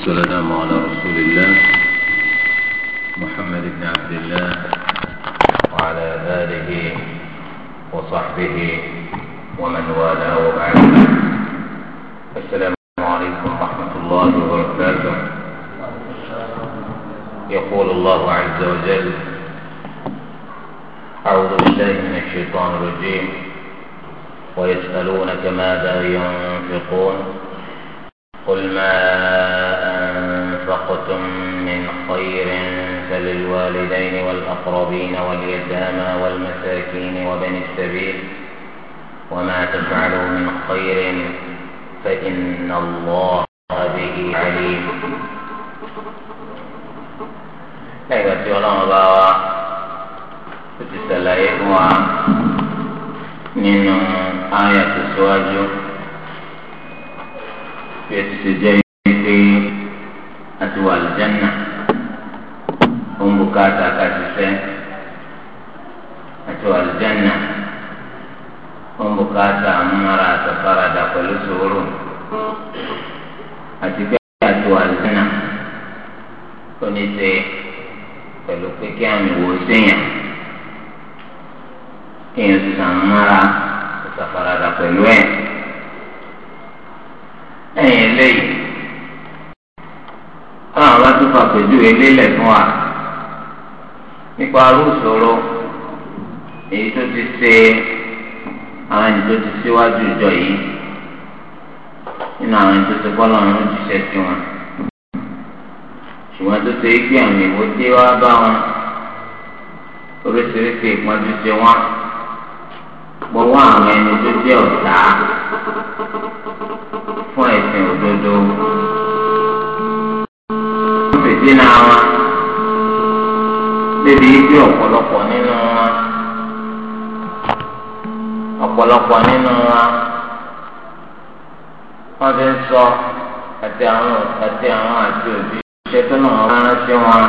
والسلام على رسول الله محمد بن عبد الله وعلى آله وصحبه ومن والاه وبعده السلام عليكم ورحمة الله وبركاته يقول الله عز وجل أعوذ بالله من الشيطان الرجيم ويسألونك ماذا ينفقون قل ما أنفقتم من خير فللوالدين والأقربين واليتامى والمساكين وبني السبيل وما تفعلوا من خير فإن الله به عليم لẹ́yìn tí ọlọ́run bá wa ó ti ṣàlàyé fún wa nínú ayà tó síwájú bí ó ti salaye fun wa في àti wà lìjánà òun bùkátà kàṣiṣẹ́ àti wà lìjánà òun bùkátà múra àtàfàràdà pẹ̀lú sòwòrò àti pé àti wà lìjánà tó ní ṣe pẹ̀lú pé kí àmì wò séèyàn kéèyàn ti sàn múra àtàfàràdà pẹ̀lú ẹ̀ ẹ̀yìn eléyìí. káwọn bá tún fà pẹ̀lú elélẹ̀ fún wa nípa arú ìṣòro èyí tó ti ṣe àwọn èyí tó ti ṣíwájú ìjọ yìí nínú àwọn tó ti bọ́ ló ti ṣe sí wọn ṣùgbọ́n tó ṣe é àwọn ìwò dé wá bá wọn oríṣiríṣi ìpọ́njú ṣe wọ́n gbọ́wọ́ àwọn tó ọ̀tá fún ẹ̀sìn òdodo. zina wọn débi ibi ọ̀pọ̀lọpọ̀ nínú wọn ọ̀pọ̀lọpọ̀ nínú wọn wọ́n fi ń sọ àti àwọn àti àwọn àti òbí iṣẹ́ tó náà wọ́n rántí wọn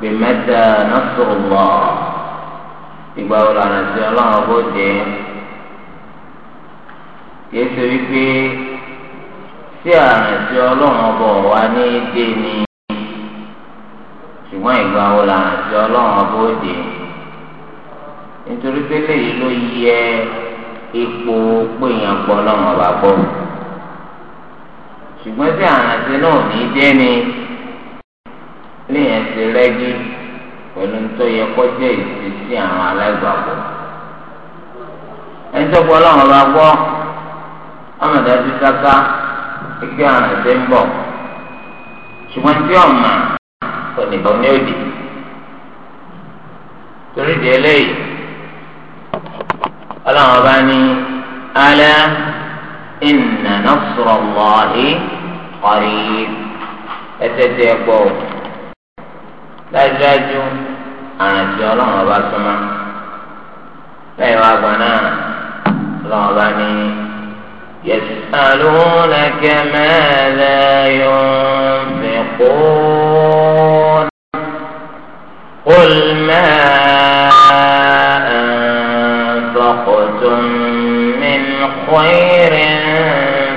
pè mẹ́ta nasrullah ìgbà wo lànà tí ọlọ́run bó dé kìí ṣe wípé tí àrùn tí ọlọ́run ọba ọ̀wá ní dé ni ṣùgbọ́n ìgbà wo la àti ọlọ́run ọba òde nítorí pé léyìí ló yẹ ipò péyàn gbọ́ ọlọ́run ọba gbọ́ ṣùgbọ́n tí àrànṣe náà ní jẹ́ ni léyìn ti rẹ́gí pẹ̀lú tó yẹ àwọn ẹni tó ọmọdé oníbọn ní òdì torí di eléyìí ọlọ́run ọba ní alẹ́ inna nasrallahi qarib ẹtẹtẹ ẹgbọ dájúdájú àràjọ ọlọ́run ọba súnmọ́ lẹ́yìn wá gbọ́n náà ọlọ́run ọba ní yẹtùtà lóhùn lẹ́kẹ́ mẹ́ẹ̀ẹ́dẹ́ yóò ń يقول قل ما أنفقتم من خير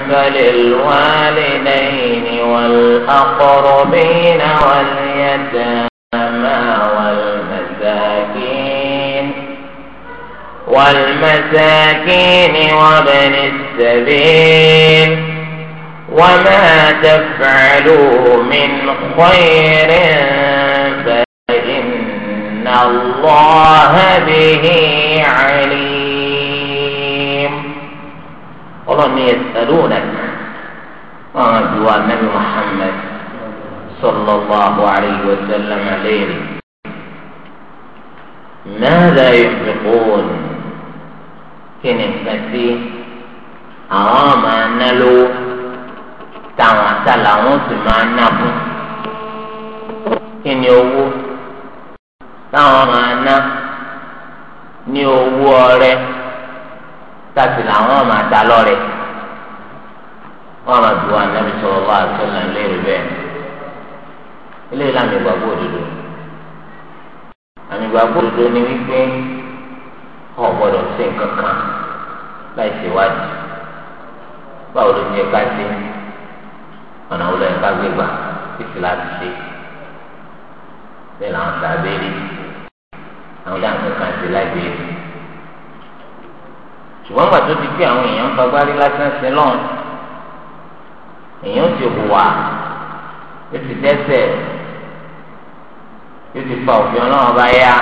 فللوالدين والأقربين واليتامى والمساكين والمساكين وابن السبيل وما تفعلوا من خير فإن الله به عليم ولم يسألونك أرجو النبي محمد صلى الله عليه وسلم عليه ماذا ينفقون في الفتي أرام أن táwọn ata làwọn sì máa ná fún kí ni owó táwọn máa ná ní owó ọrẹ tàbí làwọn máa dá lọ́rẹ wọn máa bí wọn ànábi sọ̀rọ̀ wá àtúnlẹ̀ léèrè bẹ́ẹ̀ eléyìí làmì ìgbàgbọ́ òdodo àmì ìgbàgbọ́ òdodo ni wípé ọ̀ gbọ́dọ̀ sí nǹkan kan láì ṣèwádìí báwo ló ti yẹ ká sí ní ọ̀nà wo lẹ́yìn ká gbé gbà títí láti ṣe bẹ́ẹ̀ làwọn sàbẹ̀rì àwọn ìyá nǹkan kan ti láìbẹ̀rì ṣùgbọ́n gbà tó ti pé àwọn èèyàn ń fagbárí lásán sí lọ́n èèyàn ti hùwà ó ti dẹ́sẹ̀ ó ti fa òfin ọlọ́run bá yá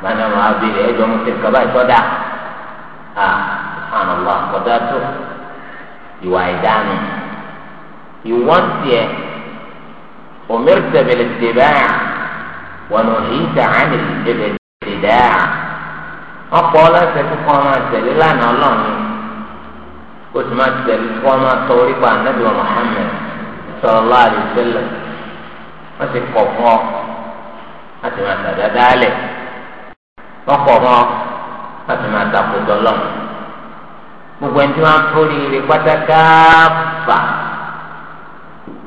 gbaná wọn abèrè ẹjọ́ mo ti kaba ìtọ́dà à sàn lọ àkọ́dá tó ìwà ìdáná ìwọ́n tiẹ̀ umirta bil ittiba' wa nuhita 'anil ibtidaa' wọ́n pọ̀ láti ẹ̀kọ́ kan máa tẹ̀lé lánàá ọlọ́run kó sì máa tẹ̀lé kó máa tọ́ orí pa ànábì wa Muhammad sallallahu alaihi wasallam wọ́n ti kọ̀ fún ọ láti máa tàdá dálẹ̀ wọ́n kọ̀ fún ọ láti máa tàkùtọ̀ lọ́n gbogbo ẹni tí wọ́n á tó rí rí pátákáfà.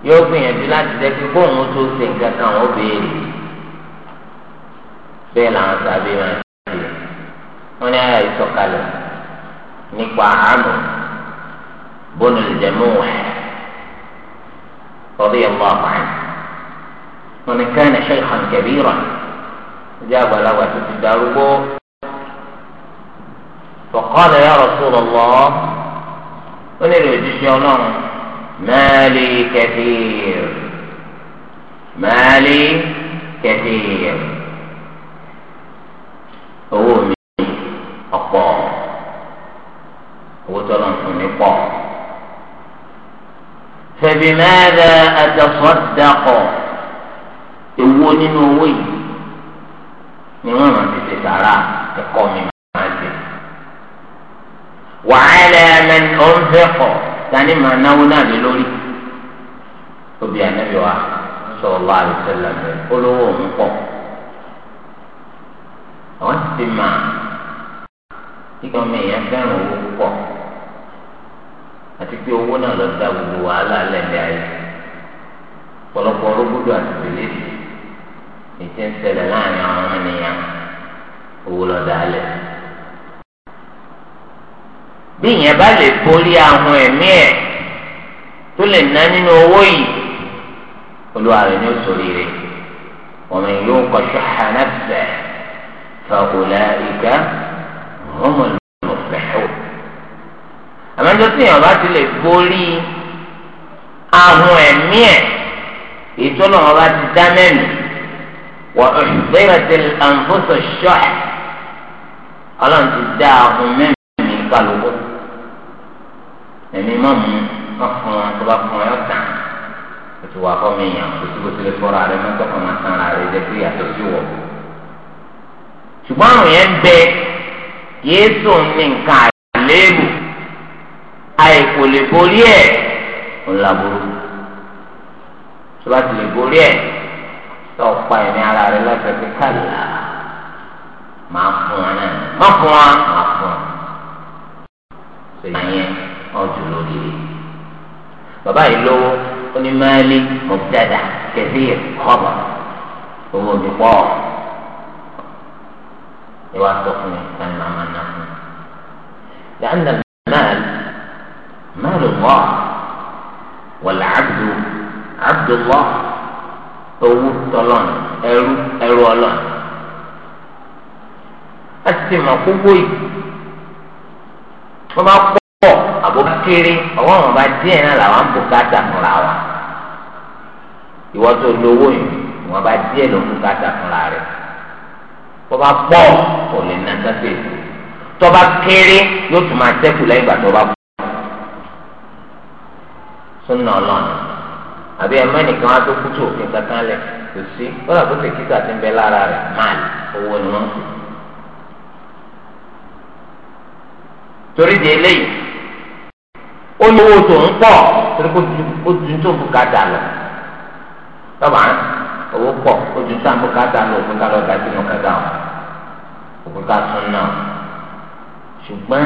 yóò gbìyànjú láti jẹ́ pé bóun tó ṣe nǹkan kan ó béèrè bẹ́ẹ̀ làwọn sábẹ́ máa ń ṣe wọ́n ní àyà ìsọ̀kalẹ̀ nípa àmọ̀ bónú lè jẹ́ mú wẹ̀ ọdún yẹn bọ́ àpáyé wọ́n ní káyìn ẹ̀ṣẹ́ ìkànnì kẹ̀bí rà jẹ́ àgbàlagbà tó ti darúgbó fọ̀kọ́lẹ̀ yà Rasulullah ní ṣe مالي كثير مالي كثير هو مني أقوى هو مني أقوى فبماذا أتصدق هو نموي نمام أنت تتعرى تقومي وعلى من أنفقه tani máa náwó náà lé lórí obì ànábì wa sallallahu alaihi wasallam olówó òun pọ̀ àwọn ti ti máa kíkọ mi èèyàn fẹ́ràn owó púpọ̀ àti pé owó náà lọ da gbogbo wàhálà lẹ́lẹ́ ayé pọ̀lọpọ̀ olóbodò àti tèlé ètí ń láàrin àwọn ọmọ owó lọ da alẹ́ bí ìyẹn bá lè borí àwọn ẹ̀mí ẹ̀ tó lè ná nínú owó yìí olúwa rẹ̀ ní òṣòrí rẹ̀ ọmọ yìí yóò kọjú hànàfẹ́ fàkùlà ìgbà ọmọ ìlú fẹ́hó. àmọ́jọ́ tí ìyẹn bá ti lè borí àwọn ẹ̀mí ẹ̀ ìtọ́nà ọba ti dá mẹ́nu wọ́n ọ̀ṣùgbẹ́rẹ̀ ti àǹfọ̀sọ̀ ṣọ́ọ̀ ọlọ́run ti dá àwọn mẹ́nu ní kálukú ẹ̀mí má mú wọn fún wọn tó bá fún wọn yọ tàn o ti wà fọmọ èèyàn kò sí bó tilẹ̀ fọ́ra rẹ mọ́tò kan máa tan ara rẹ jẹ́ pé yàtọ̀ sí wọ̀. ṣùgbọ́n àrùn yẹn ń bẹ yéésù ní nǹkan àléébù àìkò lè borí ẹ̀ ńláboró tó bá ti lè borí ẹ̀ tó pa ẹ̀mí ara rẹ lọ́sẹ̀ pé kàlà máa fún wọn náà má fún wọn máa fún wọn ọjọ́ lóríire bàbá yìí lówó ó ní máàlì mọ̀tàdà kẹfíìr kọ́bà owó mi pọ̀ ẹ wá sọ fún mi sani màmá náà fún mi. لأن المال مال الله والعبد عبد الله owó tọlọ́n ẹrú ẹrú ọlọ́n a sì mọ̀ gbogbo yìí wọ́n bá pọ̀ àbókù kéré ọwọ́ àwọn ọba díẹ̀ náà làwọn bùkátà fúnra wa ìwọ tó lówó yìí wọn bá díẹ̀ ló bùkátà fúnra rẹ̀ tọba pọ̀ kò lè ná sẹ́sẹ̀ tọba kéré yóò tún máa sẹ́kù lẹ́yìn ìgbà tọba pọ̀ súnà ọlọ́run àbí ẹ̀mọ́ ẹnìkan wá tó kútó òfin kankan lẹ̀ kò sí kọ́lá tó ti kíkà ti ń bẹ lára rẹ̀ máa owó ni wọ́n ń pè. torí di eléyìí ó lówó tó ń pọ̀ torí kó ju ó ju tó bùkátà lọ tọ́ba owó pọ̀ ó ju tó bùkátà lọ òfin ká lọ da sínú kẹta o òfin ká tún náà ṣùgbọ́n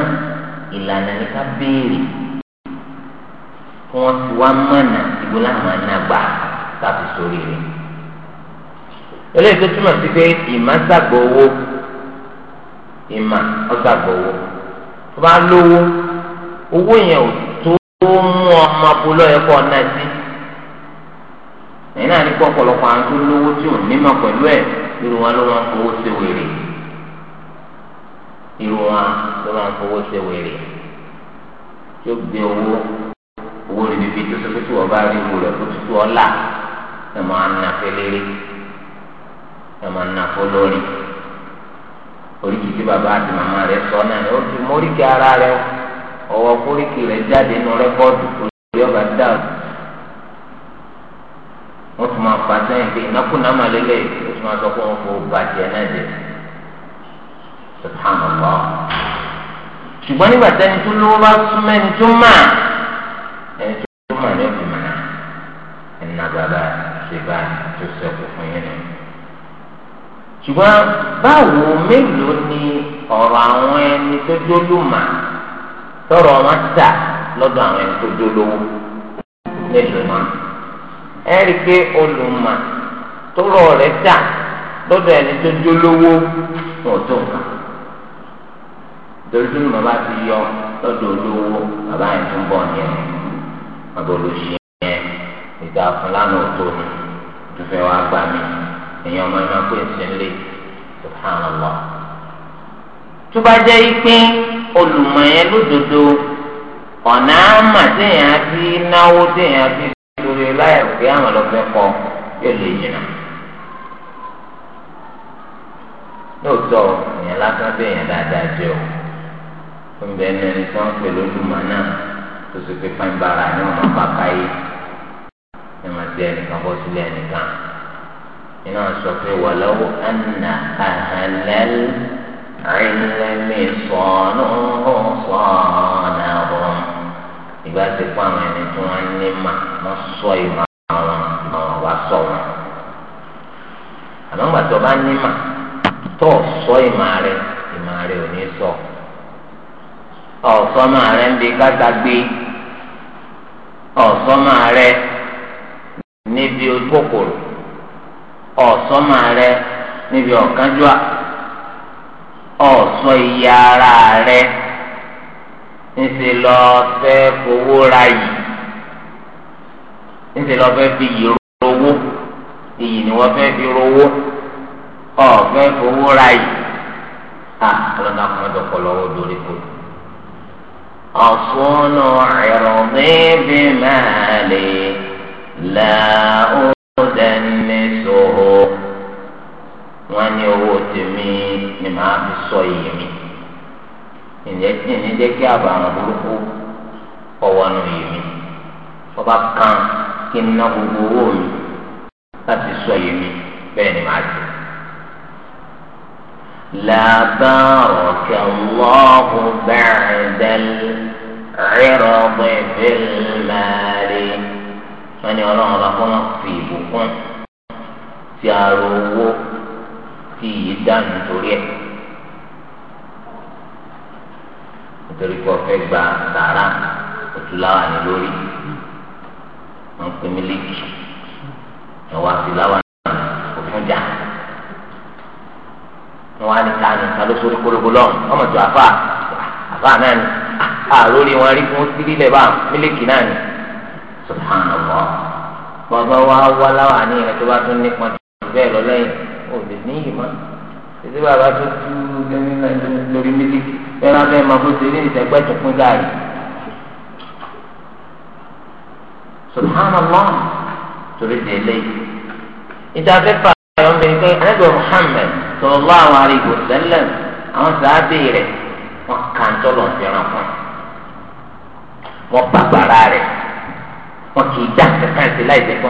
ìlànà ní ká béèrè kí wọ́n ti wá mọ̀nà ìbò láwọn anágbà tàbí sórí rẹ̀ eléyìí tó túmọ̀ sí pé ìmọ̀ ṣàgbọ̀ owó ìmọ̀ ọ̀ṣàgbọ̀ owó tó bá lówó owó yẹn ò ọmọ apolọ yẹ kọ ọ̀nà sí ẹ̀yin náà ní kọ́ ọ̀pọ̀lọpọ̀ àwọn tó lówó tí ò ní mọ̀ pẹ̀lú ẹ̀ irun wọn ló máa ń fowó ṣe wèrè irun wọn ló máa ń fowó ṣe wèrè tí ó gbé owó owó ríbi bíi tó sọ́kẹ́ tí wọ́n bá rí ìwò rẹ̀ kó tutù ọ̀la ẹ̀ máa ń na fẹ́lẹ́rẹ́ ẹ̀ máa ń na fọlọ́rin oríkì bàbá àti màmá rẹ̀ sọ náà ó ti móríkì ara rẹ̀ ọwọ́ kórìkì rẹ̀ jáde nù rẹ́kọ́dù yọba dáàbò wọn tún máa fa sẹ́yìn pé ìnákùná máa lélẹ̀ o tún máa sọ pé wọn kò bàjẹ́ náà jẹ subhanallah ṣùgbọ́n nígbà tẹ́ni tó lówó bá súnmọ́ ẹni tó máa ẹni tó máa ní ọ̀gbìn máa ẹni náà bàbá ṣe bá tó sẹ́kù fún yín ni ṣùgbọ́n báwo mélòó ni ọ̀rọ̀ àwọn ẹni tó dólùmọ̀ tọrọ wọn ta lọ́dọ̀ àwọn ẹni tó dolówó nílùú náà ẹ rí i pé olùmọ̀ tó rọ̀ rẹ̀ dà lọ́dọ̀ ẹni tó dolówó wọn ò tó nǹkan torí tó ní bàbá ti yọ lọ́dọ̀ olówó bàbá yẹn tó ń bọ̀ yẹn bàbá olóṣì yẹn ìgbà fúlànà ò tó ní tó fẹ́ wá gbà mí èèyàn ọmọ ẹ̀ máa pè é sílé subhanallah tó bá jẹ́ ipin olùmọ̀ yẹn lódodo ọ̀nà àmà téèyàn fi náwó téèyàn fi lórí láyà pé àwọn ọlọ́fẹ́ kọ yóò lè yìnà. lóòótọ́ ìyẹn lásán téèyàn dáadáa jẹ́ o ó ń bẹ ẹni ẹni tí wọ́n ń pè lójúmọ̀ náà tó sì pé pàǹbàrà ni wọ́n máa bá káyé ẹ máa di ẹnìkan bọ́ sílé ẹnìkan iná sọ pé wàlọ́wọ́ ẹnà àhàlẹ́lẹ́ àìlẹ́mí sọ̀ọ́nù sọ̀ọ́nà ìbá ti pa àwọn ẹni tí wọ́n ní mà wọ́n sọ ìmọ̀ àwọn àwọn wa sọ wọn. àmọ́ gbàtọ́ bá ní mà tó sọ ìmọ̀ rẹ ìmọ̀ rẹ ò ní sọ. ọ̀sọ́mọ rẹ ń bi kátàgbé ọ̀sọ́mọ rẹ níbi ojú kòkòrò ọ̀sọ́mọ rẹ níbi ọ̀kánjúà ọ̀sọ́ iye ara rẹ ńṣe lọ fẹ́ fowó ra yìí ńṣe lọ fẹ́ fi yìí rówó iyì ni wọ́n fẹ́ fi rówó ọ̀ fẹ́ fowó ra yìí à lọ́nà àkọ́mọ́dọ̀ kọ́ lọ́wọ́ lórí kò ọ̀sùnù ìrọ̀bí bí máa lè là ó dẹni sòrò wọ́n ní owó tèmi ni màá fi sọ iyì mi ìyẹn tí ìyẹn jẹ́ kí àbàwọn burúkú ọwọ́ nù yìí mi ọba kan kí n ná gbogbo owó mi láti sọ yìí mi bẹ́ẹ̀ ni màá jẹ. لبارك الله بعد العرض بالمال wọ́n ní ọlọ́run bá fọ́nà fi ìbùkún ti àrò owó ti yìí dànù torí ẹ̀. nítorí pé ọ̀fẹ́ gba sàrà òtúláwà ní lórí wọn pè mí léèkì ẹwà fìláwà òfin jà wọn wá ní káàní ká ló sórí kólóbó lọ wọn mọ̀ tó àfà àfà náà ni àlórí wọn rí fún sírí lẹ́bà mílíkì náà ni subhanallah bàbá wa wá láwà ní ìrètí wa tún nípa bẹ́ẹ̀ lọ lẹ́yìn òbí ní ìmọ̀ ètò bàbá tó tú lórí lórí mílíkì ẹran fẹ́ máa bó ṣe ní ìtẹ́gbẹ́ tó pín láàyè. subhanallah torí de eléyìí. ìtàfẹ́ fà ayọ̀ ń bẹ pé anábìyàn muhammed sallallahu alaihi wasallam àwọn sàábì rẹ̀ wọ́n kà ń tọ́lọ̀ fẹ́ràn fún un. wọ́n bàbàrà rẹ̀ wọ́n kì í dá kankan sí láì jẹ́ pé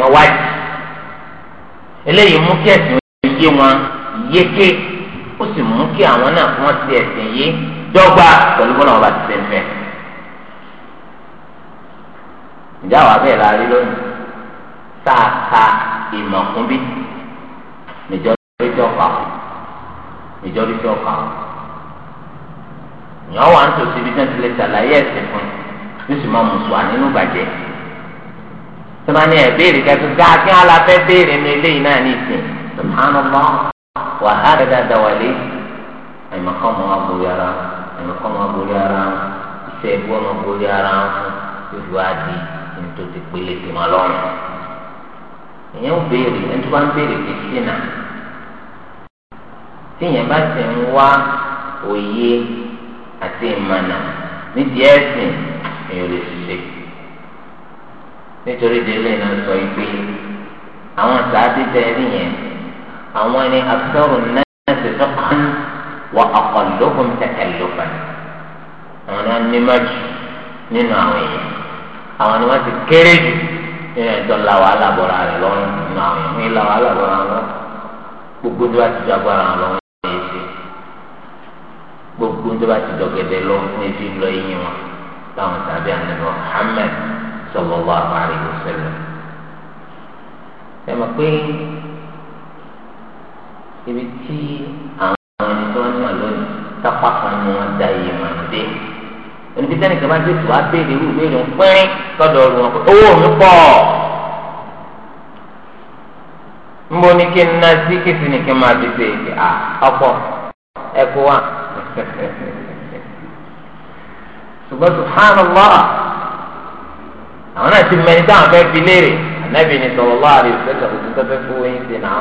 eléyìí mú kí ẹ̀sìn yé wọn yéké ó sì mú kí àwọn náà fún wọn ti ẹ̀sìn yìí dọ́gba pẹ̀lú bọ́lá wọn bá ti ṣe fẹ́. ǹjẹ́ àwọn abẹ́ẹ̀ la rí lónìí tá a ka ìmọ̀ fún bí níjọ́ rí tí ọkà níjọ́ rí tí ọkà ìyàn wà ń tòsí ibi tí wọ́n ti lè ṣàlàyé ẹ̀sìn fún un yóò sì máa mú sùn àní nínú bàjẹ́ tọ́ba ní ẹ̀ béèrè kẹ́kẹ́ gá kí wọ́n la fẹ́ béèrè ní eléyìí náà ní ìsìn subhanallah Wa á dáadáa da wà lé àyìnbákan mọ wọn borí ara àyìnbákan mọ wọn ara iṣẹ́ ẹgbẹ wọn borí ara ti pélé sí wọn lọ́rùn ìyẹn ń béèrè ẹni tó bá ń béèrè fi sínà tíyẹn bá ti ń wá òye àti ìmọ̀nà nídìí ẹ̀sìn àwọn ẹni akẹ́rù náà ti sọ́kàn wà ọ̀kọ̀lógún tẹ̀kẹ̀lógún àwọn ni wọ́n ní má jù nínú àwọn èèyàn àwọn ni wọ́n ti kéré jù nínú ẹ̀dọ́ la wàhálà bọ̀ra rẹ̀ lọ́rùn nínú àwọn èèyàn wọ́n la wàhálà wọn gbogbo tó bá ti jagbọ́ ara wọn lọ́wọ́ ní ẹ̀sìn gbogbo tó bá ti dọ̀gẹ̀dẹ̀ lọ ní lọ ẹ̀yìn wọn láwọn tàbí ànàbọ̀ Muhammad sallallahu alaihi ibi tí àwọn ẹni tó ń mọ̀ lónìí sápá kan ni wọ́n da iye mọ̀ dé ẹni tí sẹ́nìkan bá tètè wá béèrè irú ìbéèrè ń pín lọ́dọ̀ ọ̀rùn wọn pé owó mi pọ̀ nbọ ní kí n ná sí kí sì ní kí n máa fi ṣe èké à ọ̀pọ̀ ẹ̀kọ́ wa ṣùgbọ́n subhanallah àwọn náà ti mẹ́ni táwọn fẹ́ fi léèrè ànábì ní sọ̀rọ̀ lọ́wọ́ àdìsẹ́lẹ̀ òtítọ́ fẹ́ fowó yín sí náà.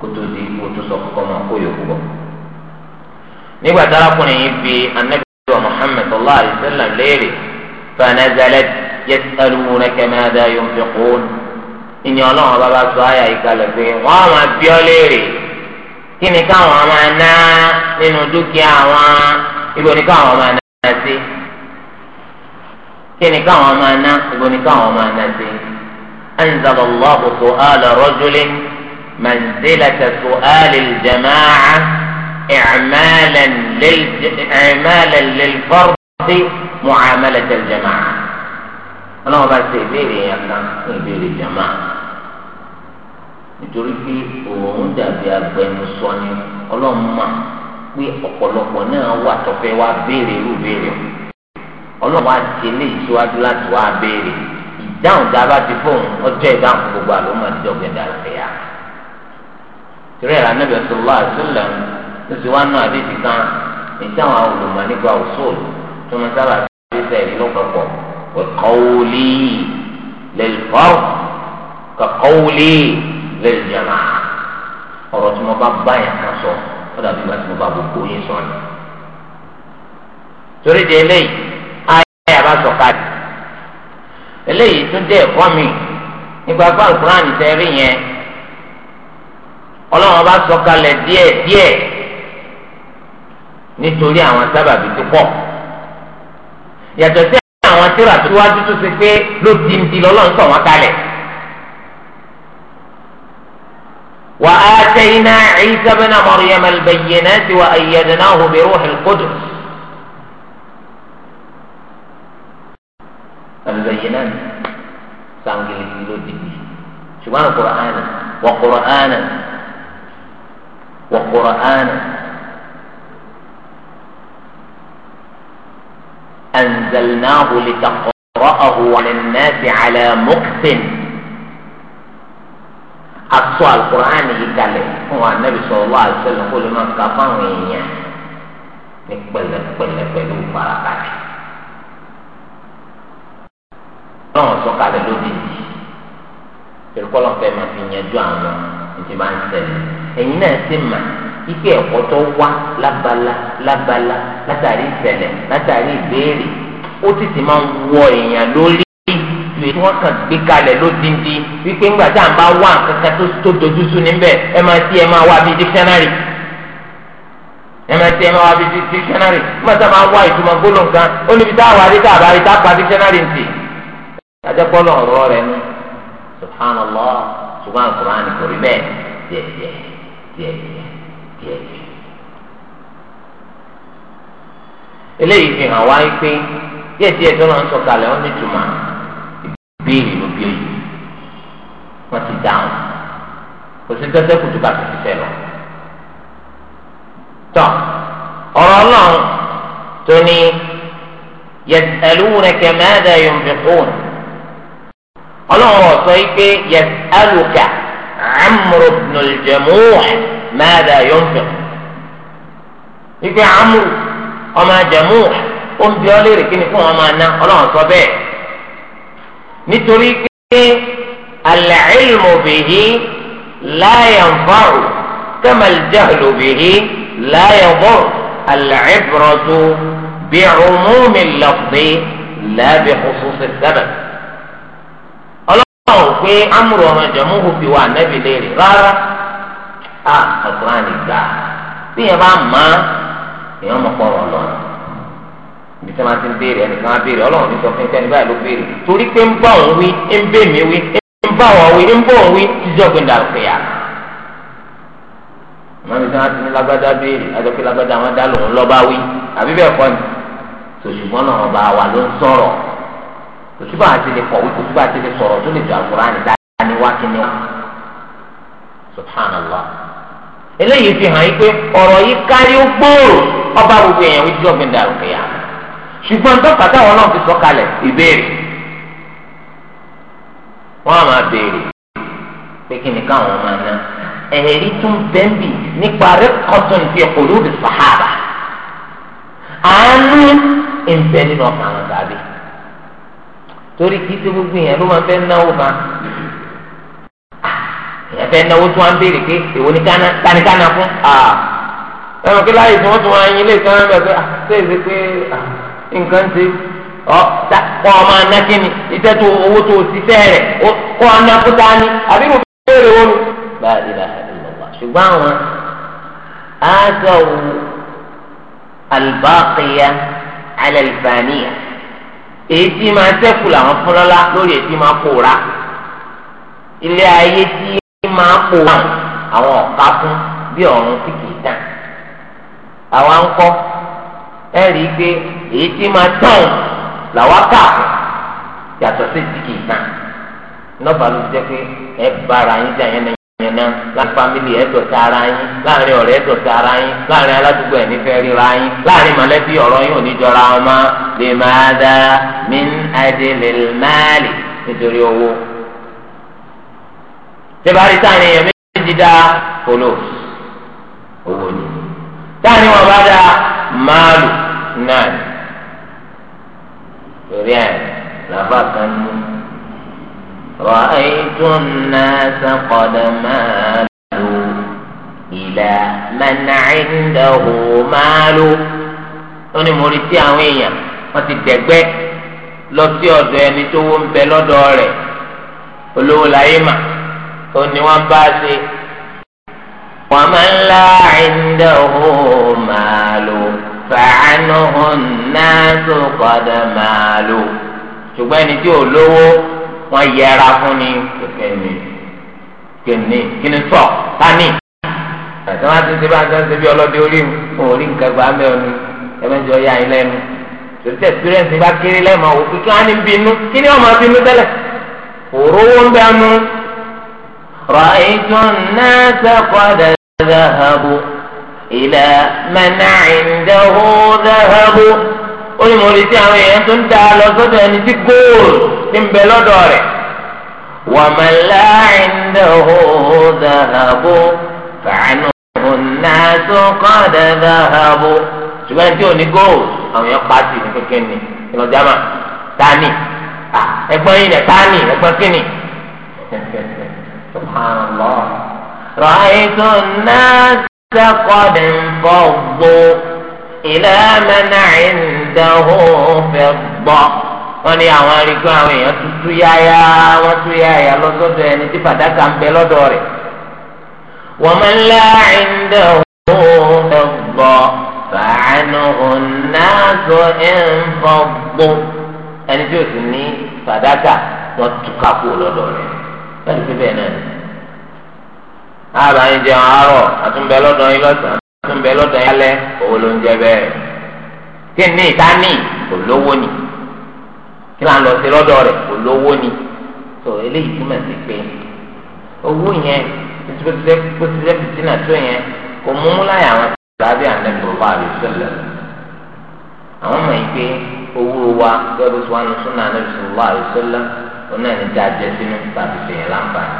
kótó di kó tó sọ kọ́kọ́ máa kó yòókù bọ̀. nígbà tí arákùnrin yìí bi anabi wa muhammed allah alayhisalaam léèrè fanazalat yasalunaka madha yunfiqun ìyẹn ọlọ́run ọba bá sọ àyà ìkàlẹ̀ pé wọ́n á máa bí ọ léèrè kí ni káwọn máa ná nínú dúkìá wọn ibo ni káwọn máa ná sí kí ni káwọn máa ná ibo ni káwọn máa ná sí. anzalallahu su'ala rajulin. منزلة سؤال الجماعة إعمالا, للج... إعمالا للفرد معاملة الجماعة أنا بس بيري ìbéèrè yẹn kan fún ìbéèrè jama nítorí pé òun dàbí agbẹnusọ ni ọlọ́run mà pé ọ̀pọ̀lọpọ̀ náà wà tọ́fẹ́ wá béèrè irú béèrè ọlọ́run wá eléyìí síwájú láti wá béèrè ìdáhùn tá ti fóun ọjọ́ ìdáhùn gbogbo àlọ́ máa ti dọ̀gbẹ́dà torí ẹ̀rọ anábì ọ̀sọ̀lá àtúnlẹ̀ ló ti wá náà àdéhìí kan ètò àwọn olùmọ̀ nípa òṣòl tó máa sábà ṣe sẹ́ẹ̀rí lọ́pọ̀pọ̀ kọ́wọ́lì lẹ́lẹ́fọ́ kọ́wọ́lì lẹ́lẹ́jàmá ọ̀rọ̀ tí mo bá báyà kan sọ ó dàbí ìgbà tí mo bá gbogbo yín sọ ni. torí di eléyìí ayé àbá sọ káàdì eléyìí tún dé ẹ̀kọ́ mi nípa fáwọn kúránì tẹ́rí yẹn ọlọ́run bá sọ̀kalẹ̀ díẹ̀ díẹ̀ nítorí àwọn sábàbí tó pọ̀ yàtọ̀ sí àwọn tíra tó wájú tó ṣe pé ló di ń di lọ́lọ́run sọ̀ wọ́n kalẹ̀. وآتينا عيسى ابن مريم البينات وأيدناه بروح القدس البينات سانجل لو دي شو معنى القرآن وقرآنا وقرآن أنزلناه لتقرأه على الناس على مكث أقصى القرآن يتعلم هو النبي صلى الله عليه وسلم يقول من كفان وينيا نقبل نقبل نقبل وبركاته Lọ́wọ́ sọ kalẹ̀ lódìdí, ìrúkọ́ lọ́fẹ̀ẹ́ máa fi yanjú àwọn ìdìbò àǹtẹ̀lẹ̀. ẹ̀yin náà ti mà ike ẹ̀kọ́ tó wá lábala lábala látàrí ìṣẹ̀lẹ̀ látàrí ìbéèrè ó títí máa ń wọ èèyàn lórí ju èyí tí wọ́n kàn gbé kalẹ̀ lódindi wípé ńgbà tá à ń bá wá nǹkan kan tó dojú sú níbẹ̀ ẹ máa tí ẹ máa wá bíi dictionary ẹ máa tí ẹ máa wá bíi dictionary ńgbà tá a máa wá ìtumọ̀ gbólóhùn kan ó níbi tá a wà rí tá a bá tá a pa dictionary ntì. adẹ́kọ́lọ́ ọ̀rọ̀ rẹ̀ ni subhanallah subhanallah kò rí bẹ́ẹ̀ díẹ̀díẹ̀ tiẹ̀ nìyẹn tiẹ̀ nìyẹn. eléyìí fi hàn wáyé pé díẹ̀ díẹ̀ tó náà ń sọ̀kalẹ̀ ó ní tùmọ̀ ìbéèrè ló bí èyí wọ́n ti dáhùn kò sí tẹ́tẹ́ kùtù bá ti fẹ́ lọ. tọ́ ọ̀rọ̀ náà tó ní yẹ̀sẹ̀lúwùrẹ̀kẹ mẹ́ẹ̀dẹ̀ yòǹfẹ̀kùn ọlọ́run ọ̀sọ́ yìí pé yẹ̀sẹ̀lùkà amúrò nùjẹ̀mú mẹ́ẹ̀dá yóò fẹ̀. ìgbẹ́ amú ọmọ àjẹmú ó ń bí ọ léèrè kí ni fún ọmọ àná ọlọ́run sọ bẹ́ẹ̀. nítorí pé al-ilmu bihi la yanfa'u kama al-jahlu bihi la yadur al-ibratu bi'umumi al-lafzi la bi khususi as-sabab ọlọ́run pé amúrò ọmọ àjẹmú ó fi wà nẹ́bi rárá a alukur'an ni gbà bí yẹn bá mọ èèyàn mọ kọrọ lọ ibi tí wọn ti ń béèrè ẹnìkan á béèrè Ọlọ́run ní sọ fún ẹni báyìí ló béèrè torí pé ń bá òun wí ń bẹ mi wí ń bá wọn wí ń bọ òun wí jíjọ gbẹndà òkèèyà wọn ní sọ wọn ti ní lágbádá béèrè ẹjọ pé lágbádá wọn dá lòun lọ bá wí àbí bẹ́ẹ̀ kọ́ ni tòṣùgbọ́n náà ọba wa ló ń sọ̀rọ̀ tòṣùgbọ́n àti lè kọ̀wé tòṣùgbọ́n àti lè sọ̀rọ̀ tó lè jọ àkùrá subhanallah eléyìí fi hàn yí pé ọ̀rọ̀ yìí kárí ó gbòòrò ọba gbogbo èèyàn wíjú ọ̀gbìn dàrú kìyà ṣùgbọ́n dọ́kítà táwọn náà fi sọ ìbéèrè wọ́n á máa béèrè pé kí ni káwọn máa ná ẹ̀rí tún nípa rẹ́kọ̀tún àánú ìbẹ́ nínú àwọn torí kí tí gbogbo èèyàn ló máa ẹ̀fẹ́ náwó tí wọ́n ń béèrè pé èwo ni kánikánà fún ẹnu kí láyé tí wọ́n tún wá yín lè sáré bẹ̀ pé ṣé èsì pé nǹkan ti ọ kọ́ ọ máa ná kí ni iṣẹ́ tó owó tó ṣiṣẹ́ rẹ̀ kọ́ ọ ná kúta ni àbí mo béèrè wọn. báyìí la ṣùgbọ́n àwọn aṣọ́wò albaqiya alalbaniya èyí tí máa ṣẹ́kù làwọn fúnlọ́lá lórí èyí tí máa kóra ilé ayé tí máa ń pò wọn àwọn ọ̀ka fún bí ọ̀run tí kì í dàn àwa ń kọ́ ẹ rí i pé èyí tí máa tán làwa kà yàtọ̀ sí tí kì í dàn nọ́ọ̀bà ló jẹ́ pé ẹ bára yín jà yẹn yẹn náà láàrin fámìlì ẹ ara yín láàrin ọ̀rẹ́ ẹ ara yín láàrin aládùúgbò ẹ̀ nífẹ̀ẹ́ ríra yín láàrin mọ̀lẹ́bí ọ̀rọ̀ yín ò ní jọra ọmọ lè máa dá min adìlẹ̀ máàlì nítorí owó tẹ́bárí táwọn èèyàn méjì dá kóló owó ni táwọn èèyàn bá dá máàlù náà ni torí ẹ̀ làbá kan ní. رأيت الناس قد مالوا إلى من عنده مال ó ní mo rí tí àwọn èèyàn wọ́n ti dẹ̀gbẹ́ lọ sí ọ̀dọ̀ ẹni tó wó bẹ lọ́dọ̀ rẹ̀ olówó láyé mà ó ní wọ́n bá ṣe. wọ́n máa ń la ìdáwó máa lò fàánù hàn náà tó padà máa lò ṣùgbọ́n ẹni tí ò lówó wọ́n yẹra fún ni kẹ̀kẹ́ ni kẹ̀ni kíni sọ tani. àti wọn ti ṣe bá ṣe ń ṣe bí ọlọ́dẹ orí fún orí nǹkan gbà mẹ́rin ni ẹ yá yín lẹ́nu tòtí experience bá kéré lẹ́ẹ̀ma wò kí wọ́n á ní bínú kí ni wọ́n máa bínú tẹ́lẹ̀ òróró ń bẹ́ẹ̀ mú. رأيت الناس قد ذهبوا إلى من عنده ذهبوا ó ní mo rí sí àwọn èèyàn tó ń da lọ sọ́dọ̀ ẹni tí góòlù ti ń bẹ lọ́dọ̀ rẹ̀ ومن لا عنده ذهب فعنه الناس قد ذهبوا ṣùgbọ́n ẹni tí ò ní góòlù àwọn èèyàn pàṣẹ ní kékeré ni ìlọjàmà tani ẹgbọ́n yìí nẹ tani ẹgbọ́n kíni subhanallah. ra'aytu an-nasa qad infaddu ila man 'indahu fidda. wọ́n ní àwọn arìgbọ́n àwọn èèyàn tuntun yáyá wọ́n tún yáyá lọ́sọ́dọ̀ ẹni tí fàdákà ń bẹ lọ́dọ̀ rẹ̀. wa man la 'indahu fidda fa'anhu an-nasu infaddu. ẹni tí ò sì ní fàdákà wọ́n tún kápò lọ́dọ̀ rẹ̀. bẹ́ẹ̀ ni náà àbá ń jẹun àárọ̀ àtúnbẹ lọ́dọ̀ yín lọ́sàn àtúnbẹ lọ́dọ̀ yín alẹ́ òwò ló ń jẹ bẹ́ẹ̀ kí ni ìtání olówó ni kí là ń lọ sí lọ́dọ̀ rẹ̀ olówó ni tó eléyìí túmọ̀ sí pé owó yẹn pẹtipẹtipẹ fìtínà tó yẹn kò mú láyà àwọn sábẹ́ àdẹ́gbọ̀n bá rè sọ̀lẹ̀ àwọn ọmọ yìí pé owó wa gbẹ́bí sọ́wọ́n sọ́nà àdẹ́gbọ̀n bá rè sọ̀lẹ̀ ọ̀nà ìjà jẹ́ sínú tàbí fìyẹ̀ láǹfààní.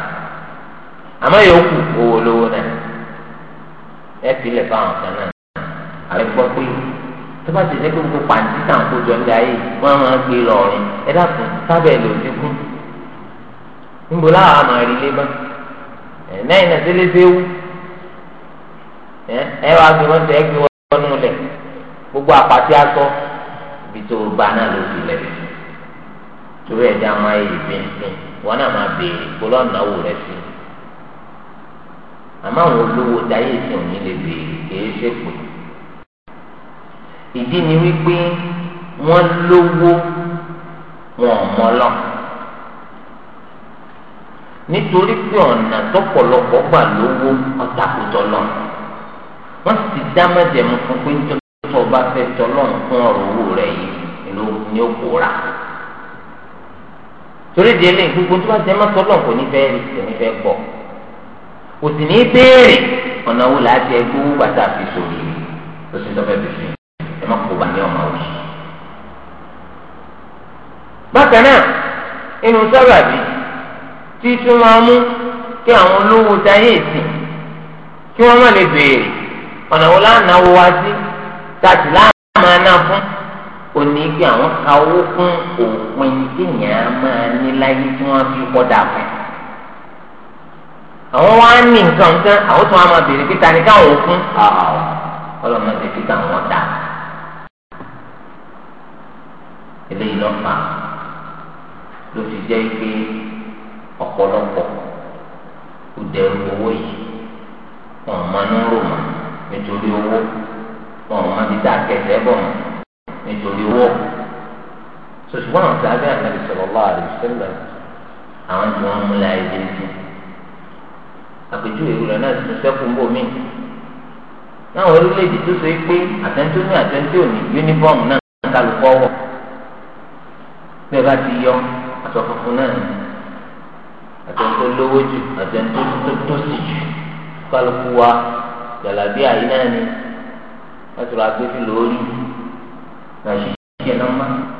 àmọ́ yòókù owó lówó náà ẹ ti lè fáwọn kan náà àrẹ gbọ́ pé tó bá ti gbogbo pàǹtí tàn kó jọ ní ayé wọn máa gbé lọrin ẹ dàpọ̀ sábẹ́ lò ní kún níbo láwọn àmọ́ rí ẹ náà iná délé séwú ẹ wọn gbogbo àpàtì akọ ibi tó bá náà ló lẹ torí ẹ wọn náà máa béèrè àmọ́ àwọn olówó dayé ìsìn òní lè béèrè kìí ṣe pé ìdí ni wípé wọ́n lówó wọn ò mọ́lọ́ nítorí pé ọ̀nà tọ́pọ̀lọpọ̀ gbà lówó ọ̀tàkùtọ̀ lọ wọ́n sì dá mẹ́jẹ̀mú fún pé nítorí tó bá fẹ́ tọ́lọ́run fún ọ̀rọ̀ owó rẹ̀ yìí ni ó kó rà torí délé gbogbo tó bá jẹ́ mọ́tọ́lọ́ kò ní fẹ́ rí kò ní fẹ́ gbọ́ kò sì ní béèrè ọ̀nà wo là á ti ẹgbẹ́ bàtà fi sórí ló sì tọ́ fẹ́ẹ́ fi ẹ má kó bá ní ọmọ òsì. bákan náà inú sábàbí tí tún máa mú kí àwọn olówó dayé ìsìn kí wọ́n má lè béèrè ọ̀nà wo là ń náwó wá sí tàbí láàmú aná fún ó ní kí àwọn kawó kún òpin tí yẹn máa ní láyé tí wọ́n fi kọ́ dà fún un àwọn wá ní nǹkan nǹkan àwọn tó wá máa béèrè pé ta ni káwọn fún ah, ah. ọlọ́mọ ti fi káwọn dà eléyìí lọ fà ló fi jẹ́ pé ọ̀pọ̀lọpọ̀ kò dẹrù owó yìí wọn máa ń rò mọ́ nítorí owó wọn máa ti dá kẹsẹ̀ bọ̀ mọ́ nítorí owó sọ̀tún wọn àti abẹ́ àtàlẹ́ sọ̀rọ̀ lọ́wọ́ àdìsẹ́lẹ̀ àwọn tí wọ́n mú láyé dé sí àpèjúwe rẹ̀ náà ti sẹ́kùn bòmí láwọn orílẹ̀-èdè tó so pé àtẹ̀ntó ní àtẹ̀ntó ní yúnífọ́ọ̀mù náà kálukọ́ wọ̀ bẹ́ẹ̀ bá ti yọ aṣọ funfun náà àtẹ̀ntó lówó jù àtẹ̀ntó tó sì jù kálukú wa jàlábí àyí náà ni wọ́n ti rà gbé fi lórí nàìjíríà náà máa.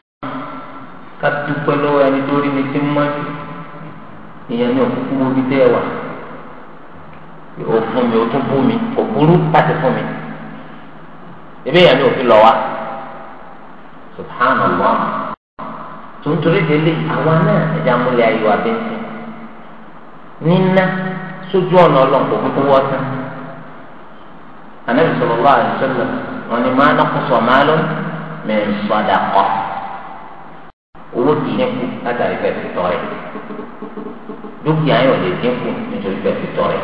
ká dúpẹ́ lọ́wọ́ ẹni tó rí mi tí ń mọ́jú ìyẹn ní òkúkú wo bí tẹ́ wà ó fún mi ó tún bú mi kò burú fún mi ebi ìyẹn ní òfin lọ wa subhanallah tó ń torí délé àwa náà ẹja múlẹ̀ ayé wa bẹ́ẹ̀ sí nínà sójú ọ̀nà ọlọ́pọ̀ kúkú wọ́n tán anabi sallallahu alaihi wasallam wọn ni máa nàkóso máa lọ mẹ́rin sọ́dà kọ́ owó ti dínkù látàrí fẹ́ fi tọrẹ dúkìá yóò lè dínkù nítorí fẹ́ fi tọrẹ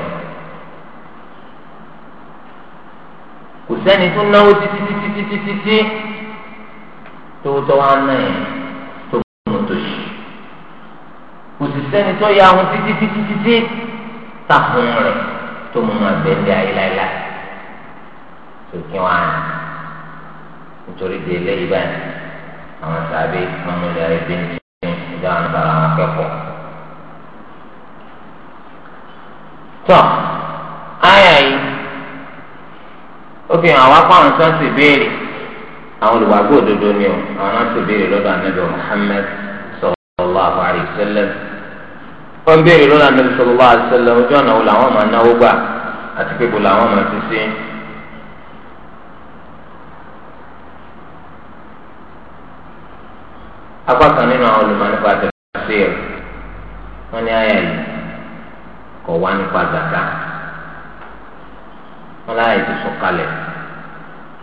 kò sẹ́ni tó náwó títí títí títí títí tó tọ́ wá náà yẹn tó mú tó ṣe kò sì sẹ́ni tó yá ohun títí títí títí tàfún rẹ̀ tó mú máa bẹ̀ẹ́ ayé láéláé tó kí wọn nítorí délé ibà yẹn àwọn sàbẹ mọmọlẹ rẹ dé ní ìjà àwọn bàrà àwọn akẹ́kọ̀ọ́. tọ àyà yìí ó fi hàn wá fáwọn sọ́ọ̀sì àwọn olùwàgbọ́ òdodo ni ọ àwọn náà sì béèrè lọ́dọ̀ ànábì Muhammad sallallahu alaihi wasallam wọ́n béèrè lọ́dọ̀ ànábì sallallahu alaihi wasallam ojú ọ̀nà wo làwọn máa náwó gbà àti pé bo làwọn máa ti sí. apá kan nínú àwọn olùmọ̀ nípa tẹ̀síìr wọ́n ní àyà yìí kọ̀ wá nípa zaka wọ́n láyà ti sọ kalẹ̀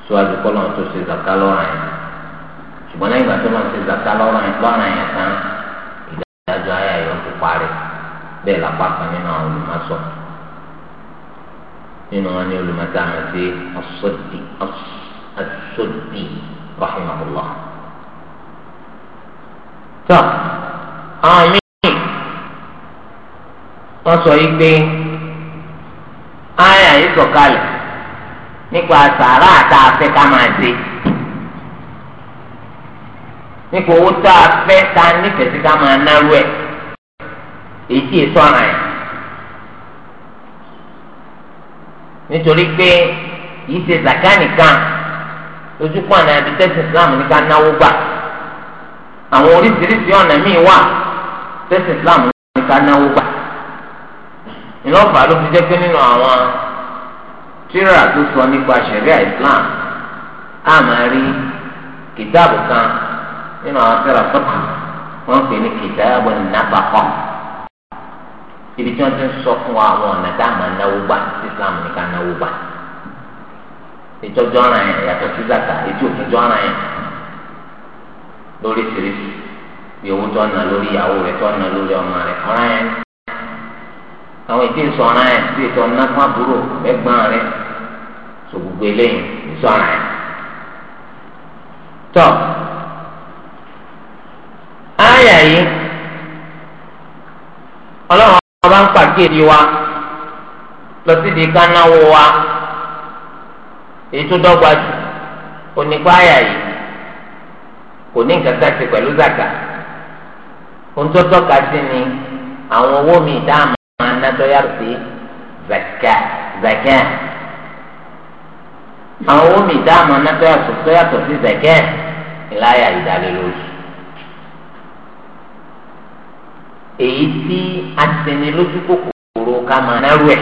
síwájú kọ́ lọ́n tó ṣe zaka lọ́ràn yẹn ṣùgbọ́n lẹ́yìn ìgbà tó lọ́n ṣe zaka lọ́ràn yẹn tán ìdájọ́ àyà yìí ti parí bẹ́ẹ̀ lápá nínú àwọn olùmọ̀ nínú wọn ní olùmọ̀ tá sí asọ́dì asọ́dì rahimahullah. tọ́ àwọn míì wọ́n sọ yìí pé àyà yìí sọ̀kalẹ̀ nípa sàárà tá a fẹ́ ká máa ṣe nípa owó tá a fẹ́ nífẹ̀ẹ́ sí ká ara yẹn nítorí pé yìí ṣe zaka lójú pọ̀ náà ibi tẹ́sí àwọn oríṣiríṣi ọ̀nà míì wà tẹ́sí islam ní ká náwó gbà ìlọ́fà ló fi jẹ́ pé nínú àwọn tíra tó sọ nípa ṣẹ̀ríà islam á máa rí kìtáàbù kan nínú àwọn tíra sọ́kà wọ́n pè ní kìtáàbù nàfàkọ́ ibi tí wọ́n ti ń sọ fún wa àwọn ọ̀nà tá a máa náwó gbà islam ní ká gbà ìtọ́jú ọ̀ràn yẹn yàtọ̀ sí zaka ètò òtútù ọ̀ràn yẹn lóríṣiríṣi bí owó tó ọ̀nà lórí ìyàwó rẹ̀ tó ọ̀nà lórí ọmọ rẹ̀ ọ̀ràn yẹn àwọn ìdí ìsọ ọ̀ràn yẹn bí ètò ọ̀nà fún àbúrò ẹ̀gbọ́n rẹ̀ sọ gbogbo eléyìí ìsọ ọ̀ràn yẹn. tọ́ àyà yìí ọlọ́run ọba ń pàkíyèsí wa lọ sí di kánáwó wa èyí tó dọ́gba jù onígbà àyà yìí kò ní nǹkan ká ṣe pẹ̀lú zaka ohun tó tọ́ka sí ni àwọn owó mi dá àmọ́ anátọ́ yàtọ̀ sí zaka zaka àwọn owó mi dá àmọ́ anátọ́ yàtọ̀ sí zaka ìláyà ìdálélórí. èyí tí atẹnilójú kòkòrò ká máa náró ẹ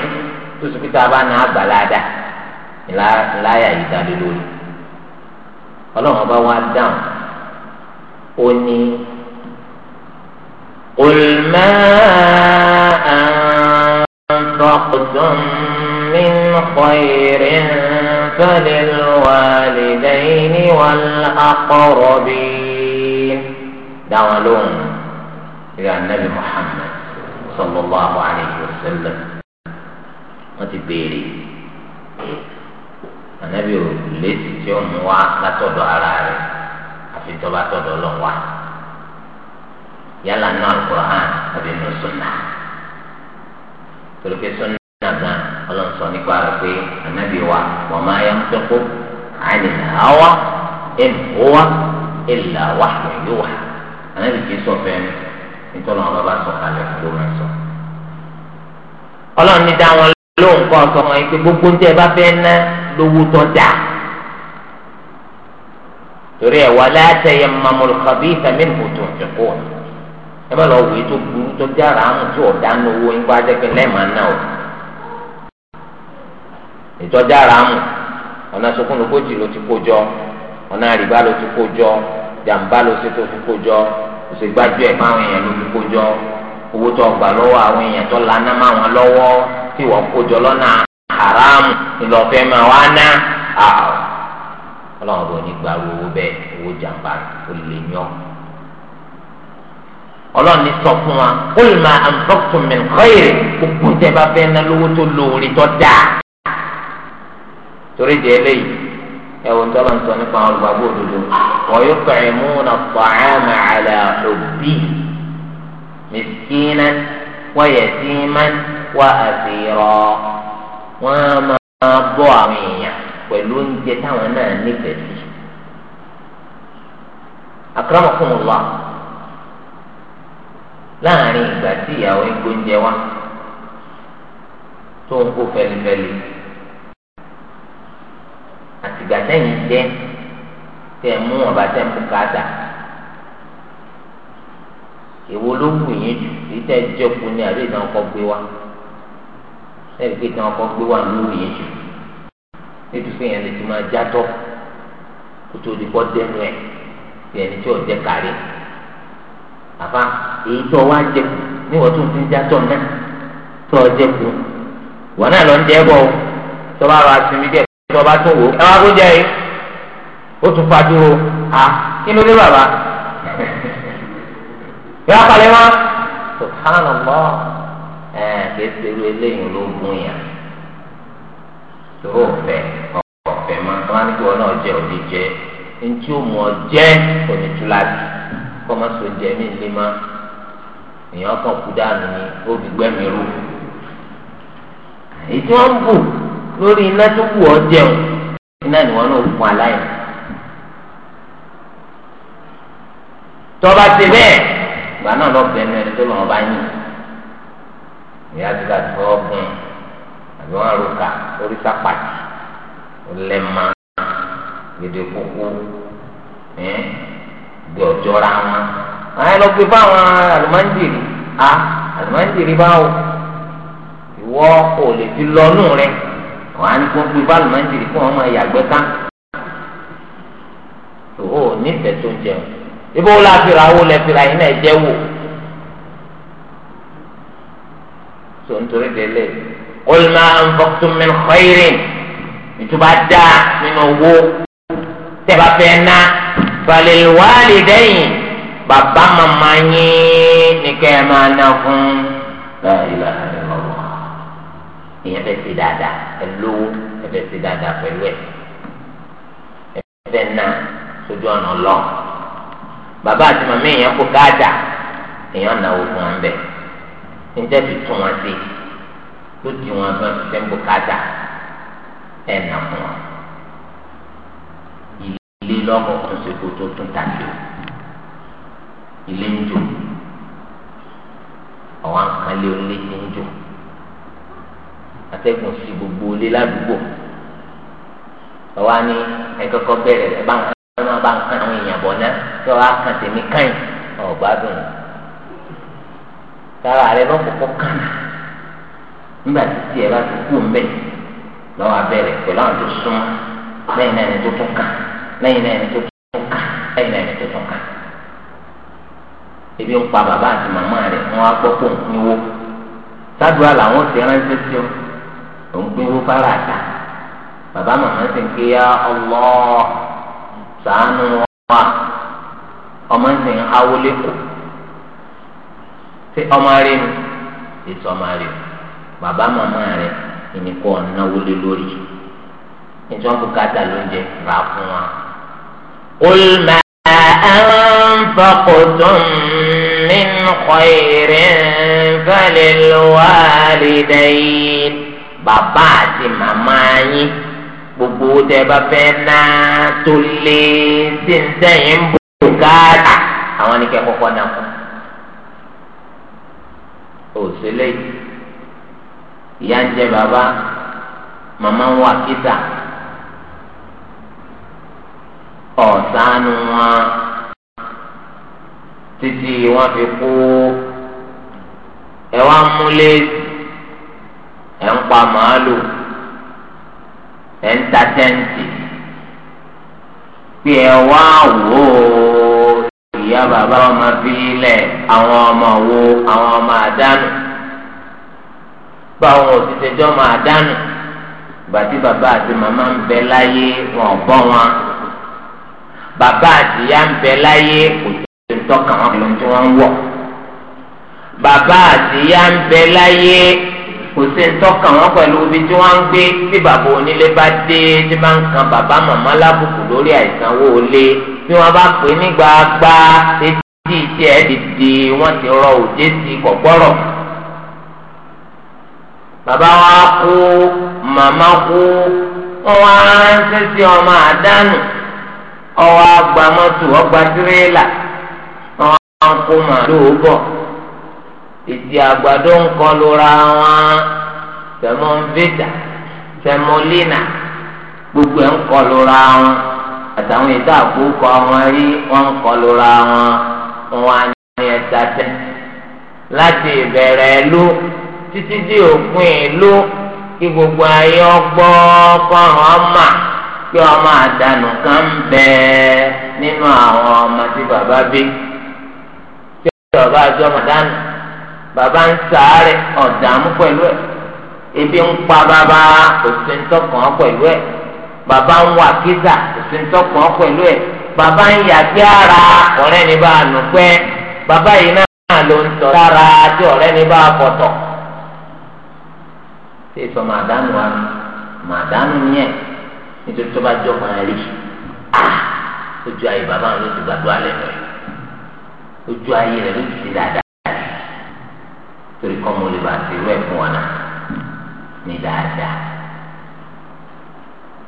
tó sì pété abá náà gbàládà ńláyà yìí ọlọ́run ọba wa dáhùn òní olùmọ àǹfààkùtùm min khairin falil walidayni wal aqrabin dáwọn lóhùn ìyá nabi muhammad sallallahu alayhi wa sallam wọn ti béèrè ànábì ò lè tí ó mú wa látọ̀dọ̀ ara rẹ̀ àfi tọ́ba tọ̀dọ̀ lọ wá yálà náà Al-Qur'an àbí nù sunna torí pé sunna gan ọlọ́nsọ nípa rẹ̀ pé ànábì wa wa ma yantiqu 'anil hawa in huwa illa wahyun yuha ànábì kì í sọ fẹ́ẹ́ nítorí wọn bá bá sọ kalẹ̀ ló máa sọ. ọlọ́run ní dáwọn lóhùn kọ́ ọ̀sọ́ gbogbo ń tẹ́ ẹ bá fẹ́ ná torí ẹ wà látẹyẹ mamul khabitha minhu tunfiqun ẹ má lọ wò ètò burú tó dára àmú tí ọ̀dà ń ń bá náà o ètò dára àmú ọ̀nà sọkúnlógójì ló ti kó jọ ọ̀nà àrìbá ló ti kó jọ jàǹbá ló ti ọlọ́run bò ní gba owó bẹ́ẹ̀ owó jàǹbá ó lè yàn. ọlọ́run ní sọ fún wa ó lè máa àǹfọ̀tún mi kọ́yèrè gbogbo tẹ bá fẹ́ ná lówó tó lóore tó dáa. torí di eléyìí ẹ wò tọ́lá ń sọ nípa àwọn olùgbàgbọ́ òdodo wọ́n yóò mú un àpààmà àlà òbí mìsíkínà wọ́yẹ̀símà wà àṣírọ́ wọ́n máa bọ́ àwọn èèyàn. pẹ̀lú oúnjẹ táwọn náà nífẹ̀ẹ́ sí. akramakumullah láàrin ìgbà tí ìyàwó ń gbóúnjẹ wá tó ń kó fẹlifẹli àtìgbà tẹ́yìn jẹ́ tẹ́ mú ọba tẹ́ mú káàdà èwo ló wù yín jù ìtẹ́ ní àbí nítorí pé yẹn lè ti máa játọ kótó di bọ́ dẹnu ẹ̀ yẹn ní tí ò jẹ kárí àfa èyí tó wá jẹ kù ní wọ́n tún ti ń játọ náà tó ọ jẹ kù wọn náà lọ ń jẹ bọ tó bá ra sinmi díẹ̀ tó bá tún wò ẹ wá kó jẹ yìí ó tún fa dúró à kí ló dé bàbá yọ apalẹ wọn subhanallah ẹ kẹsì irú eléyìí ló gún yàn. tó o fẹ́ ọ̀fẹ́ máa kọ́ máa ní wọn náà jẹ òde jẹ ntí o máa so jẹ ní ilé má èèyàn kan kú dànù ni ó fi rú èyí tí wọ́n ń bù lórí iná tó jẹun iná ni náà fún aláìní. ti wọn àrùkà oríta pàtì ọlẹ́mà gèdè kúkú gbé ọjọ́ ra wọn. àwọn ẹlọ gbé fáwọn àlùmáńjìrì a àlùmáńjìrì báwo ìwọ kò lè fi lọ́nù rẹ wọn á ní kó gbé fáwọn àlùmáńjìrì kí wọn máa yàgbẹ́ ká. tó o nífẹ̀ẹ́ tó ń jẹun ibo la fi ra owó lẹ fi ra yín náà jẹ́ wò. tó ń délé qul ma anfaqtum min khairin ìtura dáa nínú owó tẹ́bà fẹ́ ná falil walidayn bàbá màmá yín ní kẹ́ ẹ máa ná fún la ilaha illallah ìyẹn fẹ́ ṣe dáadáa ẹ lówó ẹ fẹ́ ṣe dáadáa pẹ̀lú ẹ̀ ẹ fẹ́ ná sójú ọ̀nà ọlọ́run bàbá àti màmá èèyàn kò káàdà èèyàn náwó fún wọn bẹ́ẹ̀ níjẹ́ fi tún wọn sí i lódì wọn àti wọn ti fẹ́ ń bò kájà ẹ̀ nà fún wọn. ilé lọ́kọ̀ kan ṣe kó tó tún tàbí ilé ń jò àwọn àkànlé onílé ti ń jò atẹ́gùn sí gbogbo ilé ládùúgbò ọwọ́ ni ẹ̀kọ́kọ́ bẹ̀rẹ̀ ẹ̀ bá ń kàn án bá ń kàn àwọn èèyàn bọ̀ náà tí wọ́n á kàn tèmi kàn ọ̀gbádùn. sára rẹ̀ lọ́kọ̀ọ́kọ́ kàn án. nígbà tí tiẹ̀ bá ti kú mbẹ́ lọ́wọ́ abẹ́rẹ́ pẹ̀lú àwọn tó súnmọ́ lẹ́yìn náà ẹni tó tún kà lẹ́yìn náà ẹni tó tún kà lẹ́yìn náà ẹni tó tún ebi ń pa bàbá àti màmá rẹ̀ wọ́n á gbọ́ pé òun pín sádùá làwọn ti ránṣẹ́ sí ọ òun bàbá màmá ń ya ọlọ́ wa ọmọ ń sìn awolé kù ọmọ ètò ọmọ bàbá màmá rẹ ìníkọ náwó lé lórí nítorí wọn kó káta lóúnjẹ rà fún wa. قل ما أنفقتم من خير فللوالدين bàbá àti màmá yín gbogbo tẹ bá fẹ́ ná tó lé tí ń sẹ́yìn ń bò àwọn ni kẹ́ kọ́kọ́ náà fún. òṣèlè yìí ìyá ń jẹ bàbá màmá ń wà kíta ọ̀sánú wọn títí wọn fi kú ẹ wá múlé ẹ ń pa màálù ẹ ń ta tẹ́ǹtì pé ẹ wá wò ó ìyá bàbá wọn máa fi lẹ̀ àwọn ọmọ wo àwọn ọmọ àdánù bá wọn òṣìṣẹ́ jọ máa dánù bàtí bàbá àti màmá ń bẹ láyé wọn ò bọ́ wọn bàbá àti ìyá ń bẹ láyé kò tó ń tọ́ka wọn lóun tí wọ́n ń wọ̀ bàbá àti ìyá ń bẹ láyé kò sí ń wọn pẹ̀lú ibi tí wọ́n ń gbé bí bàbá onílé bá dé tí máa ń kan bàbá màmá lábùkù lórí àìsanwó olé bí wọ́n bá pè é nígbà gbá etí ìtì ẹ̀ dìde wọ́n ti rọ òjé kọ̀gbọ́rọ̀ Baba wa kú mama kú wọn wá ránṣẹ́ sí ọmọ àdánù ọwọ́ agbamọ́tò ọgbà tirẹ́là wọn wá ń kó màlúù bọ̀ ìdí àgbàdo ń kọlu ra gbogbo ẹ̀ ń kọlu ra wọn àtàwọn ìdá àkókò wọn rí wọn ń wọn wọn á títí dị òpin ìlú kí gbogbo ayé ọgbọ́ fọ́nrán ọmọ kí ọmọ àdánù kan bẹ nínú àwọn ọmọ tí bàbá bí tí ọba àjọ màdánù bàbá ń sàárẹ̀ ọ̀dààmú pẹ̀lú ẹ̀ ebi ń pa bàbá pẹ̀lú ẹ̀ bàbá ń wà kíta òsèǹtọ̀kàn pẹ̀lú ẹ̀ bàbá ń yàgbé ara ọ̀rẹ́ ní bá bàbá yìí náà ṣé ìtọ máa dánù wa ni máa dánù yẹn nítorí tó bá jọ máa rí ojú ah! ayé bàbá rẹ ló ti gbàdúrà lẹ́nu ẹ ojú ayé rẹ ló ti ti dáadáa torí kọ́ mo lè bá ti rú ẹ̀ wa náà ní dáadáa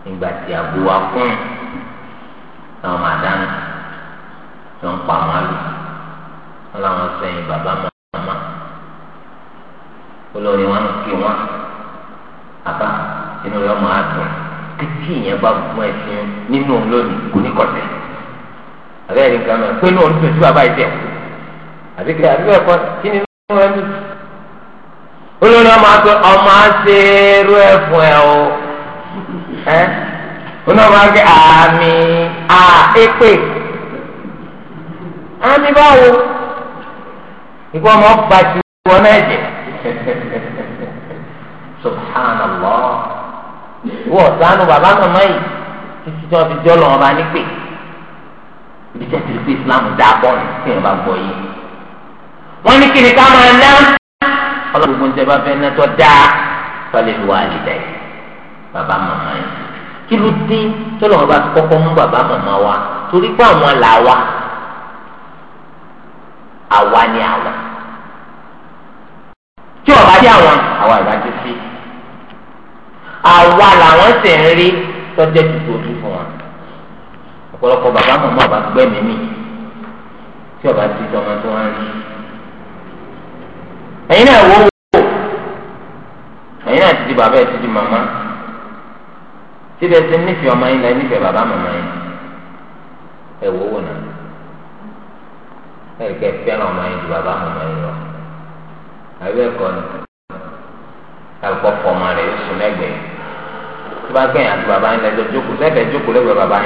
nígbà tí àgbo wa kún àwọn máa dánù tó ń pa màálù wọn làwọn sẹ́yìn bàbá màmá olórí wọn kí wọn àbá inú rẹ̀ ọmọ àdùn títí ìyẹn bá gun ẹ̀sìn nínú òun lónìí kò ní kọ̀tẹ́ àbẹ́rẹ́ nìkan náà pé lóun tó sí bàbá ìjẹ́ àbí kí àbíkẹ́ ẹ̀kọ́ kí ni inú rẹ̀ dùn olórí ọmọ àti ọmọ àti ẹrú ẹ̀fọ́ ẹ̀ o ẹ́ onáwó àti àmì àépè àmì báwo ìgbọ́ ọmọ ọgbà tí wọ́n náà jẹ́ subhanallah wọ́n sànù bàbá màmá yìí títí tí wọ́n fi jọ́ lọ́wọ́ bá nípè ibi tí a ti rí pé islam dá bọ́ ní kí ẹ bá gbọ́ yìí. wọ́n ní kí ni ká máa ná ọlọ́run gbogbo ń bá fẹ́ ná tó dá tọ́lẹ̀ wà nílẹ̀ bàbá màmá yìí. kí ló dé tọ́lọ̀ wọn bá ti kọ́kọ́ mú bàbá màmá wa torí pé àwọn là wa àwa ni àwa tí ọba dé àwọn àwa ìbá ti fi àwa làwọn sì ń rí tọ́jú ìdìbò ojú fún wa ọ̀pọ̀lọpọ̀ bàbá mọ̀mọ́ ọba gbẹ́mìí mi tí ọba ti tọmọ tó wá ń rí ẹ̀yin náà wò wò ẹ̀yin náà ti di bàbá ẹ̀ ti di màmá síbẹ̀ tí nífẹ̀ẹ́ ọmọ yín lẹ nífẹ̀ẹ́ bàbá màmá yín ẹ̀ wò wò náà ẹ̀ kẹ́ fẹ́ràn ọmọ yín ju bàbá màmá yín lọ àbí ẹ̀kọ́ ni. bá gbẹ̀yìn àti bàbá yín lẹ́jọ́ jókòó jókòó lẹ́gbẹ̀ẹ́ bàbá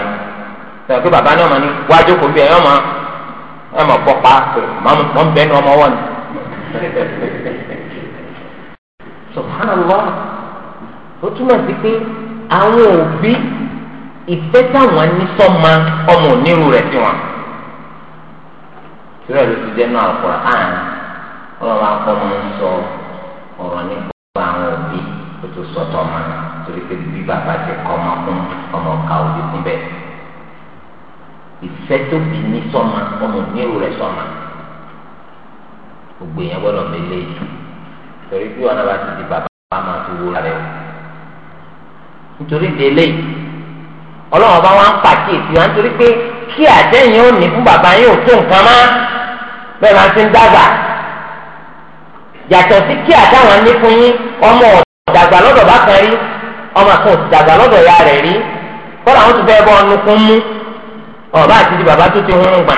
pé bàbá ọmọ wá jókòó bí ẹ ní ọmọ wọn. ó túmọ̀ sí pé àwọn òbí ìfẹ́ táwọn ní sọ́ma ọmọ onírú rẹ̀ sí wọn. ìrẹ́ o tó sọtọ ọmọ náà torí pé bí bàbá jẹ kọ ọmọ kún ọmọ ọka òde kún bẹ́ẹ̀ ìfẹ́ tó bí ní sọmọ ọmọ onírú rẹ sọmọ gbogbo èèyàn gbọ́dọ̀ mẹlẹ yìí torí bí wọn bá ti di bàbá máa ti wúra rẹ nítorí délé ọlọ́wọ́n bá wọn pàkíyèsí wọn nítorí pé kí àjẹyìn ò ní fún bàbá yín ò tó nǹkan mọ́ bẹ́ẹ̀ máa ti ń dàgbà yàtọ̀ sí kí àtàwọn ní fún yín ọmọ dàgbà lọ́dọ̀ bá kan rí ọmọ kan ya rẹ̀ rí kọ́lá wọn ti fẹ́ bọ́ ọnu kún mú ọba àti ti bàbá tó ti hún gbà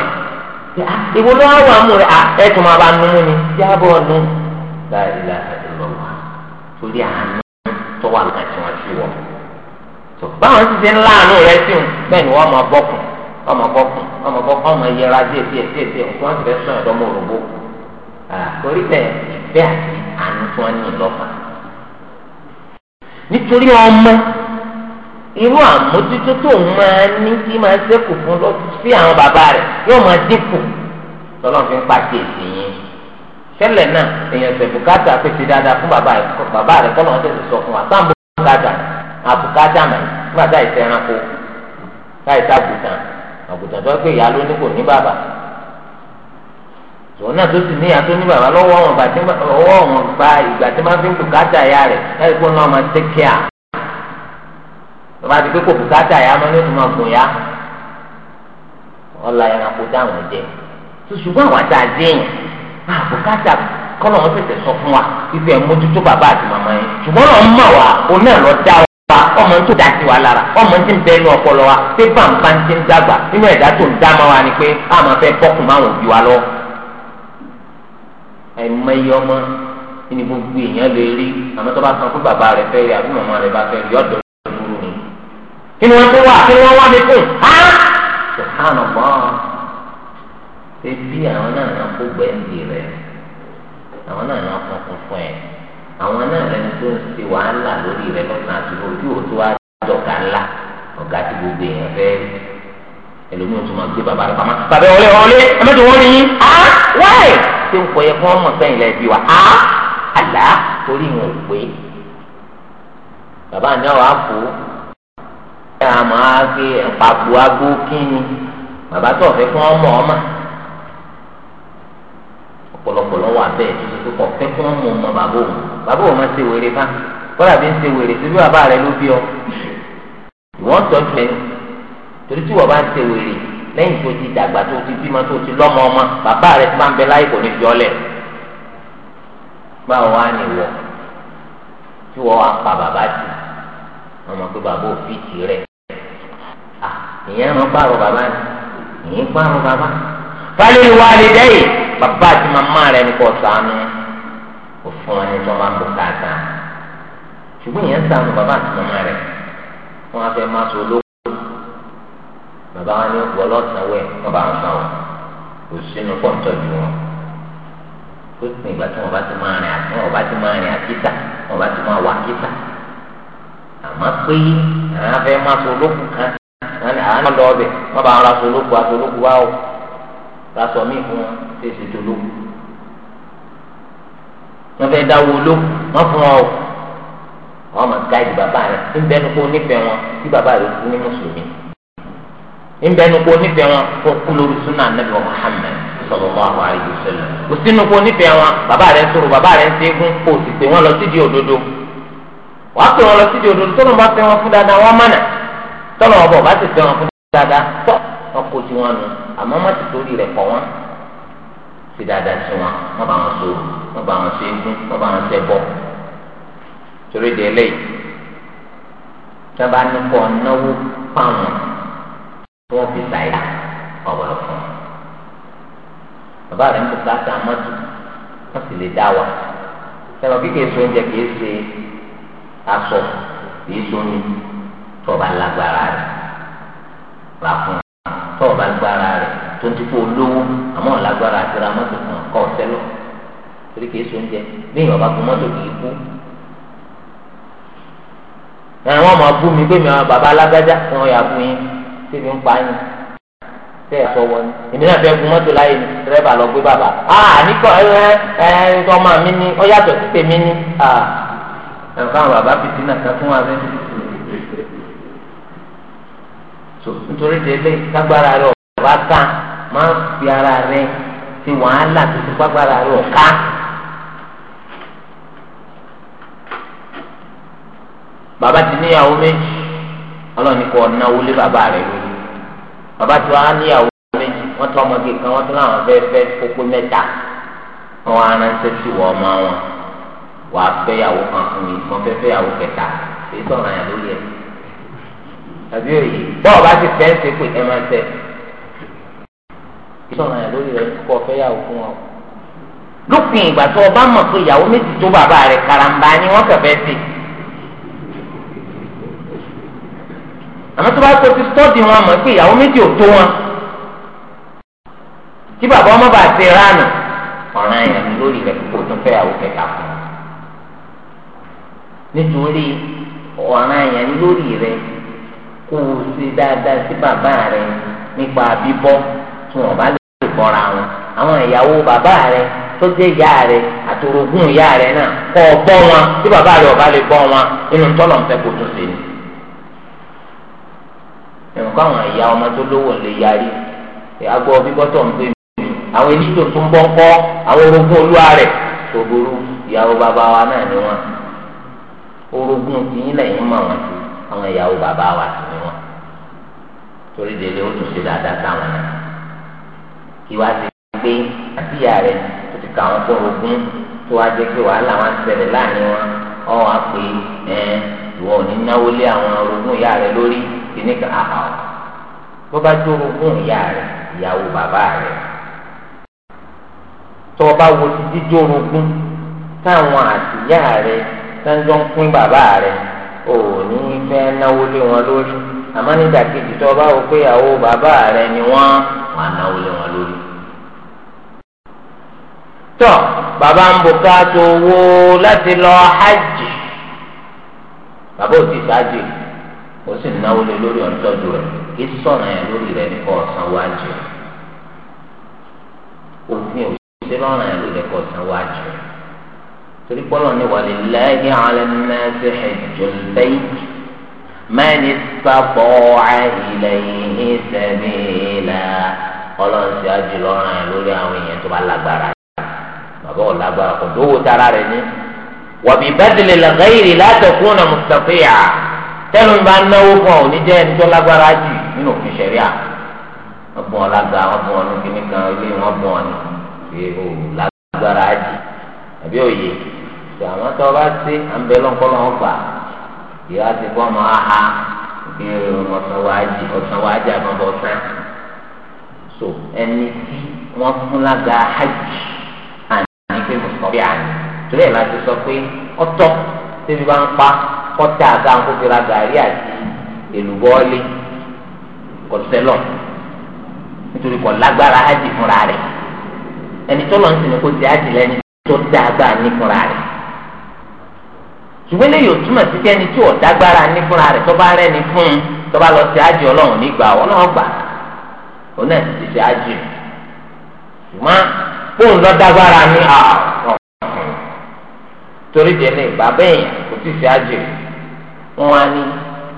ìwọ ló wà mú rẹ ẹ máa bá nu mú ni jábọ̀ nu láìla ìlọ́wà torí àánú tó wà lọ́kàn tí wọ́n ti tó báwọn ti ṣe ń láàánú rẹ sí wọn bẹ́ẹ̀ ni wọ́n máa bọ́kùn bọ́kùn bọ́kùn yẹra nítorí ọmọ irú àmójútó tó ń máa ní kí máa ṣẹ́kù fún lọ sí àwọn bàbá rẹ̀ yóò máa dínkù lọ́nà fi ń pàṣẹ èsì yín tẹ́lẹ̀ náà èèyàn ṣe bùkátà pèsè dáadáa fún bàbá rẹ̀ bàbá rẹ̀ kọ́ lọ́wọ́ tẹ̀sí sọ fún wa sáà ń bùkátà àbùkátà mà nígbà táyì sẹ́ranko táyì sàbùtàn àbùtàn tó ń pè ìyá lónìí kò ní bàbá òun náà tó sì ní ìyàtọ̀ ní bàbá lọ́wọ́ wọn ọwọ́ wọn gba ìgbà tí wọ́n fi ń bùkátà ya rẹ̀ láì pé wọ́n máa tẹ́ kíá bàbá ti pé kò bùkátà ya máa ní ìtumọ̀ gùn ya ọ̀la ẹranko dáhùn jẹ ṣùgbọ́n àwọn àti àdéhùn bùkátà kọ́lọ̀ wọn tètè sọ fún wa fífi ẹ̀ mójútó bàbá àti màmá yẹn ṣùgbọ́n lọ́n mọ̀ wá òun náà lọ dá wa ọmọ tó dá sí wa lára ọmọ tí ń bẹ inú ọpọlọ wa pé bàǹbà ti ń dàgbà nínú ẹ̀dá tó ń dá máa wa ni pé àmọ́ fẹ́ bọ́kùn máa wọ̀ bí wa lọ́wọ́ àìmọye ọmọ ní gbogbo èèyàn lè rí àmọ́ tó bá san fún bàbá rẹ̀ fẹ́ rí àbí màmá rẹ̀ bá fẹ́ rí ọ̀dọ̀ ìdúró ni. kí ni wọ́n tó wà kí wọ́n wá mi fún á. sọ̀kánù bọ́ ṣe bí àwọn náà náà kó gbẹ̀ǹdì rẹ̀ àwọn náà náà kún fún fún ẹ̀ àwọn náà rẹ̀ tó ń ṣe wàhálà lórí rẹ̀ lọ́sàn-án àti lórí tí òótọ́ àjọkà ńlá ọ̀gá ti gbogbo èèyàn fẹ́ rí ẹlòmíì wọn tún máa gbé bàbá rẹ pamọ́ bàbá wọlé wọlé ẹmẹtò wọlé yín á wáì ṣé ń kọ yẹ fún ọmọ sẹ́yìn lẹ bí wa á àlá torí wọn ò pé bàbá ní ọ àpò ẹ àmọ́ àgbé ẹpàgbọ agbó kínni bàbá tó ọfẹ fún ọmọ ọmọ ọ̀pọ̀lọpọ̀ lọ́wọ́ abẹ ẹ kò fẹ́ fún ọmọ ọmọ bàbá òun bàbá òun máa ṣe wèrè fún kọ́lá bí ń ṣe wèrè síbí bàbá rẹ ló bí ọ ìwọ́n tọ́jú ẹni torí tí wọ́n bá ń ṣe wèrè lẹ́yìn tó ti dàgbà tó ti bímọ tó ti lọ́mọ ọmọ bàbá rẹ̀ ti máa ń bẹ láyé kò ní fiọ́lẹ̀ báwo wá ní wọ tí wọ́n wá pa bàbá jù wọ́n mọ̀ pé bàbá ò fi tì rẹ̀ ìyẹn ràn pààrọ̀ bàbá ni ìyẹn pààrọ̀ bàbá fálẹ́lì wà lè dẹ́yì bàbá àti màmá rẹ̀ ní kò sànù kò fún ẹni tó máa kó káàkà ṣùgbọ́n ìyẹn sànù bàbá àti màmá rẹ̀ wọ́n á fẹ́ máa sọ bàbá wa ní wọlọ́sàn wẹ̀ wọ́n bá ń sàn wọ̀ kò sínú pọ́ńtọ́jú wọn ó sì ìgbà tí wọn bá ti máa rìn àti wọn bá ti máa rìn àkíta wọn bá ti máa wà àkíta àmọ́ pé àwọn afẹ́ máa so olókùn kan àwọn lọ ọbẹ̀ wọn bá ara so olókùn aṣọ olókùn wa o lásọ míì fún wọn tí èsì tó lókùn wọn fẹ́ dáwọ́ olókùn wọn fún wọn o wọn máa gáàdì bàbá rẹ ń bẹnu kó nífẹ̀ẹ́ wọn tí bàbá rẹ kú ní mùsùlùmí. nbẹ nu kó wa wọn kó suna lórí sunna anabi wa muhammed sallallahu alayhi wa sallam kò sínú wa nífẹ̀ẹ́ bàbá rẹ̀ sọ̀rọ̀ bàbá rẹ̀ ṣẹ́gun wọn lọ sídìí òdodo wàá pè wọn lọ sídìí òdodo tọ́nà bá fẹ́ wọn fún dada wọn mọ̀nà tọ́nà ọbọ̀ bá wọn fún wọn nù ti wọn wọn wọ́n fi ṣàyà ọ̀wọ́lọ̀ fún un. bàbá rẹ̀ ń tó ta mọ́tò wọ́n sì lè dá wa. sẹ́wọ̀n bí kìí oúnjẹ kìí ṣe aṣọ kìí lágbára rẹ̀ rà fún un. tọ́ba lágbára rẹ̀ tó ń olówó àmọ́ lágbára mọ́tò kan kọ́ sẹ́lọ̀ torí kìí so oúnjẹ bí ìwọ̀n bá mọ́tò kìí kú. bú mi pé tí mi ń pa yín tẹ ẹ sọ wọn èmi náà gun láyé ni lọ gbé a níkọ ẹ ẹ ọmọ mi ni ó yàtọ̀ sí tèmi ni a bàbá fìdí náà ká fún wa bẹ so nítorí délé lágbára rẹ ọba kan máa ń fi ara rẹ ti wàhálà tó rẹ ọ̀ká. bàbá ti níyàwó méjì ọlọ́ọ̀ni kò bàbá tí wọ́n á níyàwó méjì wọ́n tọ́ ọmọge kan wọ́n tún láwọn fẹ́ fẹ́ kókó mẹ́ta wọ́n á ránṣẹ́ sí wọ́n ọmọ wọn wàá fẹ́yàwó kan fún mi wọ́n fẹ́ fẹ́yàwó kẹta èyí sọ̀rọ̀ àyàn lórí ẹ̀ àbí òye bọ́ọ̀ bá ti fẹ́ ṣe pé ẹ máa tẹ̀ èyí sọ̀rọ̀ àyàn lórí rẹ̀ kọ́ fẹ́yàwó fún wọn. lópin ìgbà tó o bá mọ̀ pé ìyàwó méjì tó bàbá rẹ̀ karambà ni wọ́n kẹ̀ fẹ́ ṣe. àmọ́ tó bá kó ti sọ́ọ̀dì wọn mọ̀ pé ìyàwó méjì ò tó wọn kí bàbá ọmọ bá ti ránù ọ̀ràn èèyàn ni lórí rẹ̀ kó tún fẹ́ àwọn kẹta fún un nítorí ọ̀ràn èèyàn ni lórí rẹ̀ kó o ṣe dáadáa sí bàbá rẹ̀ nípa bíbọ́ tí wọ́n bá lè bọ́ra wọn àwọn ìyàwó bàbá rẹ̀ tó jẹ́ ìyá rẹ̀ àtòrògùn ìyá rẹ̀ náà kọ́ ọ bọ́ wọn tí bàbá rẹ̀ ò lè bọ́ wọn inú tọ́lọ̀ ń fẹ́ kó tún ṣe ni. ẹ̀wọ̀n àwọn àyà ọmọ tó lówó lè yarí agbọ́ bíbọ́tọ̀ ń pè mí àwọn eníjò tó ń bọ́ kọ́ àwọn orogún olúwa ìyàwó bàbá wa náà ni wọ́n orogún wọ́n àwọn ìyàwó bàbá wa sí ni wọ́n torí délé ó tún ṣe dáadáa táwọn náà kí ti gbé àti ìyá tó ti kà wọ́n tó orogún tó wá jẹ́ pé wàhálà wọn ṣẹlẹ̀ láàrin wọn kìíní kan àhà ọ bó bá dúró fún ìyá rẹ ìyàwó bàbá rẹ tó o bá wo ti dídúró fún táwọn àtìyá rẹ sanjọ ń pín bàbá rẹ ò ní fẹ́ náwó lé wọn lórí àmọ́ nígbà tó o bá wo pé ìyàwó bàbá rẹ ni wọ́n wà náwó lé wọn lórí tọ bàbá ń bùkátà owó láti lọ hajj bàbá ò ti sáájì ó sì náwó lé lórí ọ̀ńtọ́jú rẹ̀ kí sọ̀rọ̀ yẹn lórí rẹ̀ nípa ọ̀sán wájú òfin òṣìṣẹ́ lọ́rọ̀ yẹn lórí ẹ̀kọ́ ọ̀sán wájú torí pọ́lọ̀ ní wàlẹ̀ lẹ́yìn alẹ́ mẹ́sẹ̀ ẹ̀jọ̀ lẹ́yìn mẹ́ni sábọ̀ àìlẹ́yìn ìsẹ̀mìlá ọlọ́ọ̀sì ájú lọ́rọ̀ yẹn lórí àwọn èèyàn tó bá lágbára bàbá ò lágbára kò dówó tara rẹ̀ ní wàbí bẹ́ẹ̀ tẹ́lu ń bá náwó fún ọ oníjẹ́ ẹni tó lágbára jù nínú òfin ṣẹ̀ríà wọ́n bọ̀ lága wọ́n bọ̀ ọ́nù kìíní kan ilé wọn bọ̀ ọ́nù pé o lágbára jù àbí òye tó àwọn tó bá sí àǹbẹ̀ lọ́nkọ́nà ọgbà ìyá ti kọ́ ọmọ aha kí ọ̀sán wájú ọ̀sán wájú àbọ̀bọ̀ sán so ẹni tí wọ́n fún lága hajj àná ní pé mùsùlùmí àná torí ẹ̀ láti sọ pé ọ̀tọ̀ tẹ́bi bá ń pa. kọ́tà aga fi ra gàrí àti èlùbọ́ọ́lé kò nítorí kò lágbára ájì fúnra rẹ̀ ẹni tó lọ ń sinmi kó ti ájì lẹ́ni tó dáadáa ní fúnra rẹ̀ ṣùgbọ́n eléyìí ò túmọ̀ sí kẹ́ni tí ò dágbára ní fúnra rẹ̀ tó bá rẹ́ni fún un tó bá lọ sí ájì ọlọ́run nígbà ọlọ́run ti ṣe ájì ṣùgbọ́n fóun lọ dágbára ní àwọn torí kò tí ì ṣe ájì wọn á ní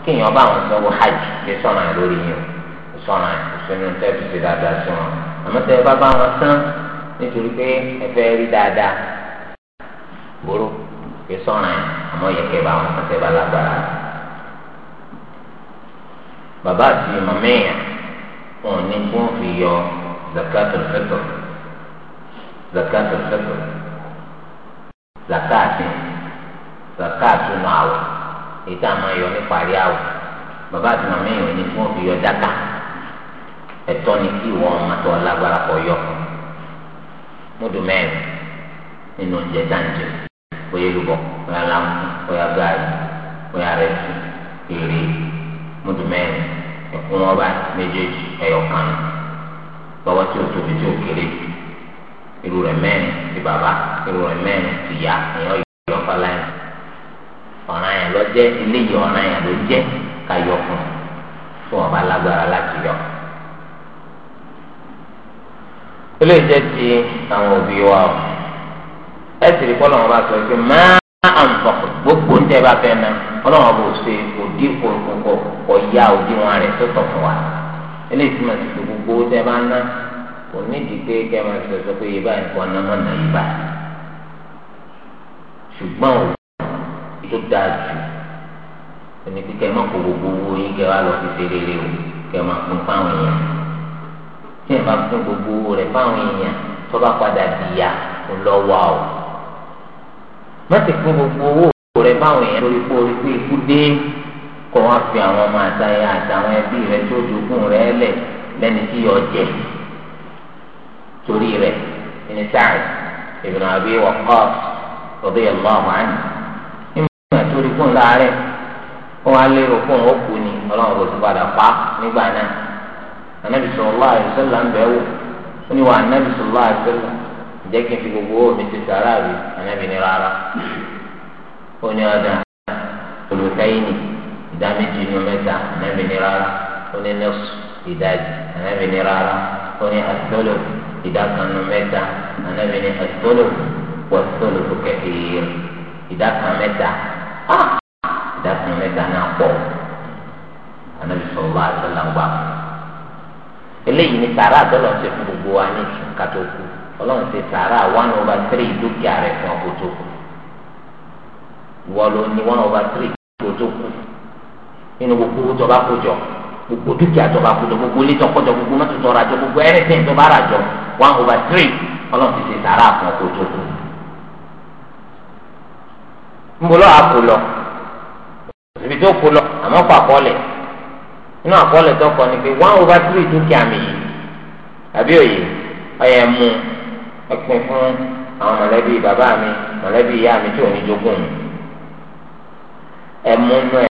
kéèyàn bá àwọn sanwó hajj lè sọ̀rọ̀ àyàn lórí yìí o sọ̀rọ̀ àyàn kò sínú tẹ́ fi ṣe dáadáa sí wọn àmọ́ tẹ́ ẹ bá bá wọn tán nítorí pé ẹ fẹ́ rí dáadáa gbòòrò lè sọ̀rọ̀ àyàn àmọ́ bá wọn tẹ́ bá lágbára. bàbá àti màmá wọn ní kí wọ́n fi yọ zakatul fitr zakatul fitr zakatin zakatun awọ ètò àmọ́ yọ nípa àrí àwọ̀ bàbá àti màmá èèyàn ni fún òfin yọ dáta ẹ̀tọ́ ni kí ìwọ ọmọ tó lágbára kọ yọ múdù mẹ́rin nínú oúnjẹ dáńjẹ bóyá olùbọ bóyá láwọn bóyá gáàrí bóyá rẹsì èrè múdù mẹ́rin ẹkún ọba méjèèjì ẹyọkan gbọwọ tí o tóbi tí o kéré irú rẹ̀ mẹ́rin ti bàbá irú rẹ̀ mẹ́rin ti yá ẹyọ ìyọkọ láyé ọ̀ràn yẹn lọ jẹ́ eléyìí ọ̀ràn yẹn ló jẹ́ ká yọ fún un fún ọba lágbára láti yọ. ó jẹ́ ti àwọn òbí wa o ẹ sì rí kọ́lọ́ wọn bá sọ pé máa àǹfọ̀kọ̀ gbogbo ń tẹ́ bá fẹ́ na ọlọ́wọ́n bò ṣe òdì kòkòkò ọ̀ya òdiwọ̀n rẹ̀ tó tọ̀ fún wa eléyìí tí mà ti fi gbogbo tẹ́ bá ná kò nídìí pé kẹ́ máa sọ pé yìí báyìí kọ́ ọ́ ná yìí báyìí ṣùgbọ́n tó dáa jù ẹni kíkẹ́ máa kó gbogbo owó yín kẹ́ wá lọ fi ṣe rere o kẹ́ máa fún fáwọn èèyàn tí ẹ bá fún gbogbo owó rẹ̀ fáwọn èèyàn tó bá padà dìyà ńlọ́wọ́ o má ti fún gbogbo owó rẹ̀ fáwọn èèyàn lórí pé orí pé ikú dé kọ́ wá fi àwọn ọmọ àtàyà àtàwọn ẹbí rẹ̀ tó jogún rẹ̀ lẹ̀ lẹ́ni tí yọ jẹ torí rẹ̀ ẹni sáà Ibn Abi Waqqas radiyallahu anhu náà torí fún láàárẹ̀ fún alérò fún òkú ni ọlọ́run kò sì padà pa nígbà náà anabi sallallahu alaihi wasallam ń bẹ̀ wò ó ní wa anabi sallallahu alaihi wasallam jẹ́ kí n fi gbogbo owó mi ti sàrà rí anabi ní rárá ó ní ọjà olùtẹ́yìn ìdá méjì nínú mẹ́ta anabi ní rárá ó ní nọ́ọ̀sì ìdájì anabi ní rárá ó ní àtọ́lò ìdá kan nínú mẹ́ta anabi ní àtọ́lò wọ́n tọ́lò tó kẹ̀kẹ́ yìí ìdá kan mẹ́ta ìdákan mẹ́ta náà pọ̀ anabi sọ̀rọ̀ wa sọ̀rọ̀ wa eléyìí ni sàrà àtọ́lọ̀ ṣe fún gbogbo wa ní ìsìn kátó kú ọlọ́run ṣe sàrà one over three dúkìá rẹ̀ fún ọkọ̀ tó kù ìwọ ló ní one over three dúkìá tó kù nínú gbogbo owó tó bá kó jọ gbogbo dúkìá tó bá kó jọ gbogbo ilé tó kó jọ gbogbo mọ́tò tó ra jọ gbogbo ẹ̀rẹ́sìn tó bá rà jọ one over three ọlọ́run ti ṣe sàrà fún ọkọ̀ tó kù ńbọlọ àpò lọ ibi tó kó lọ àmọ́ kọ àkọọ́lẹ̀ inú àkọọ́lẹ̀ tó kọ ni pé one over three dúkìá mi yìí àbí òye ọyẹ mú ẹpin fún àwọn mọ̀lẹ́bí bàbá mi mọ̀lẹ́bí ìyá mi tí ò ní jogún mi ẹmú nù ẹ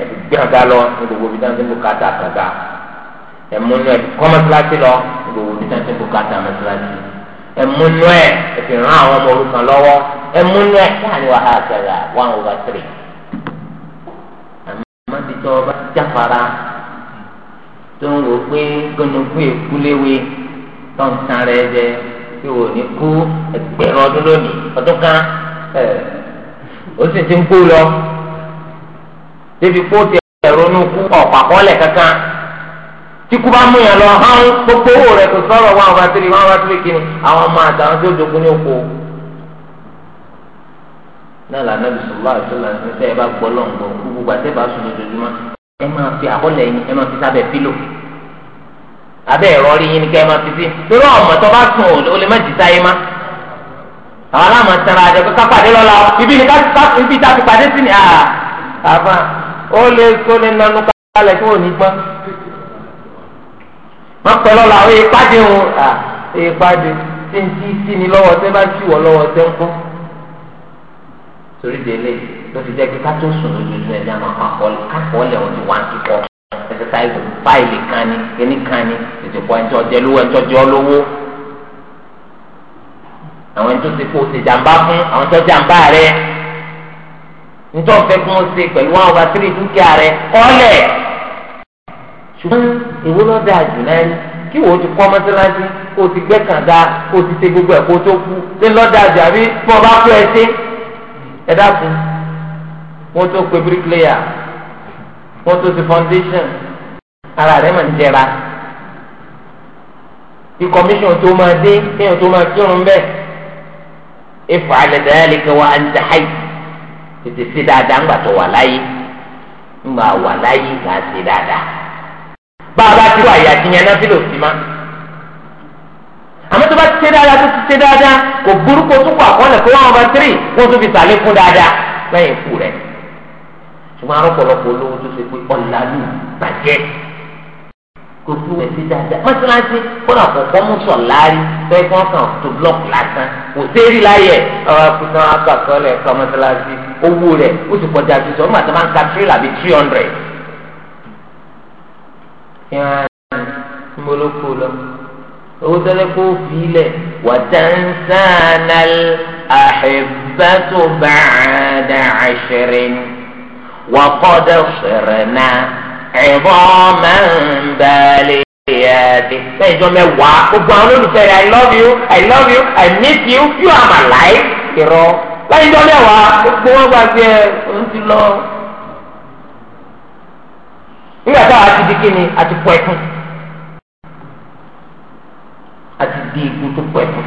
ẹbí gbé ọ̀gá lọ ní gbogbo ibi táwọn ti ń bò káta àkàgà ẹmú nù ẹbí kọ́mọ́síláṣí lọ ní gbogbo ibi táwọn ti ń bò ẹmúnú ẹ ẹsìn rán àwọn ọmọ òrukàn lọ́wọ́ ẹmúnú ẹ láàrin wa ha gbẹrẹ one over three àmọ́ ti tọ́ ọba jáfara tó ń wò pé gbẹnugbẹ èkúléwé tó ń tan rẹ jẹ kí wò ní kú ẹgbẹ̀rún ọdún lónìí ọdún kan ẹ ó sì ti ń kú lọ débi kó ti ẹ̀rọ kú ọ̀pọ̀ àkọọ́lẹ̀ kankan kíkú bá mú yàn lọ hán gbogbo owó rẹ̀ kò sọ̀rọ̀ wọn àwọn àtìrí wọn àwọn àtìrí kìíní àwọn ọmọ àtàwọn tó dogun ní oko. náà lànà bisimilá àtúnlá níta ẹ bá gbọ́ lọ́ngbọ̀n gbogbo àti ẹ bá sùn lójoojúmọ́ ẹ máa fi àkọlẹ̀ yín ẹ máa fi sábẹ́ pílò abẹ́ ẹ̀rọ rí yín ni kẹ́ ẹ máa fi sí torí ọmọ tó bá sùn ò lè má jì sáyé má àwọn aláàmọ̀ sara àjọ ká pàdé ibi ni ká ibi tá a ti pàdé sí ni àbá ó lè tó wọn pẹ lọlọ àwọn ìpàdé wọn à ìpàdé tí ń tí sí ni lọ́wọ́ tẹ bá tì wọ lọ́wọ́ tẹ ń kọ torí délé ló fi jẹ́ pé ká tó sùn lójoojúmọ́ ẹ̀dá máa kàkọọ́lẹ̀ wọn ti wá ń kíkọ́ ẹ̀sẹ̀sáìsì báyìí kan ni kíní kan ni ìdìbò ẹ̀ńtọ́ jẹ lówó ẹ̀ńtọ́ jẹ ọ́ lówó àwọn ẹ̀ńtọ́ ti kó o ṣe jàǹbá fún àwọn ẹ̀ńtọ́ jàǹbá rẹ̀ ńtọ́ fẹ́ kún ó ṣe pẹ̀lú one over three dúkìá rẹ̀ kọ́lẹ̀ ṣùgbọ́n èwo ló dáa jù náà ni kí wo ti kọ́ mọ́sálásí kó o ti gbẹ́ kànga kó o ti ṣe gbogbo ẹ̀ kó o tó kú ṣé ló dáa jù àbí fún ọba kú ẹ ṣe ẹ dákun wọ́n tó pe bricklayer wọ́n tó ṣe foundation ara rẹ̀ mà ń jẹra kí commission tó máa dé kéèyàn tó máa kírun bẹ́ẹ̀ ifọ̀ alẹ́ dáyàlẹ́ kẹwàá anta hayy tètè ṣe dáadáa ńgbà tó wà láyé ńgbà wà láyé kà á ṣe dáadáa bá a bá ti wà yà tìyẹn náà sílò sí ma àmọ́ tó bá ti ṣe dáadáa tó ti ṣe dáadáa kò burú kó tún kọ àkọọ́lẹ̀ kó wọn ọba tírì wọn tún fi sàlẹ̀ fún dáadáa lẹ́yìn ikú rẹ̀ ṣùgbọ́n arọ́pọ̀lọpọ̀ olówó tó ṣe pé ọ̀làlú bàjẹ́ kò fún wọn sí dáadáa mọ́sálásí kọ́nà àkọ́kọ́ mú sọ̀ láàrí bẹ́ẹ̀ kí wọ́n kàn tó blọ́ọ̀kì lásán kò séèrè láyẹ̀ ọ̀rọ̀ àkùtàn akọ̀kọ́lẹ̀ kọ́ mọ́sálásí owó rẹ̀ ó ti pọ̀ jà jù sọ ìran ìmọ̀lókò lọ owó tẹ́lẹ̀ kó fi ilẹ̀ wàtánsánál àhìbátò bàdà àṣẹrin wàkọ́dà fẹ̀rẹ̀nà ìbọ̀mọ̀ nbalẹ̀ yàtì. bẹ́ẹ̀ jọ mẹ́wàá gbogbo àwọn olólùfẹ́ rẹ̀ i love you i love you i miss you you are my life. irọ́ lẹ́yìn jọ mẹ́wàá gbogbo wọn gbà ń ti lọ. nígbà táwa ati di kíni àti pọ̀ ẹ̀kún di ikú tó pọ̀ ẹ̀kún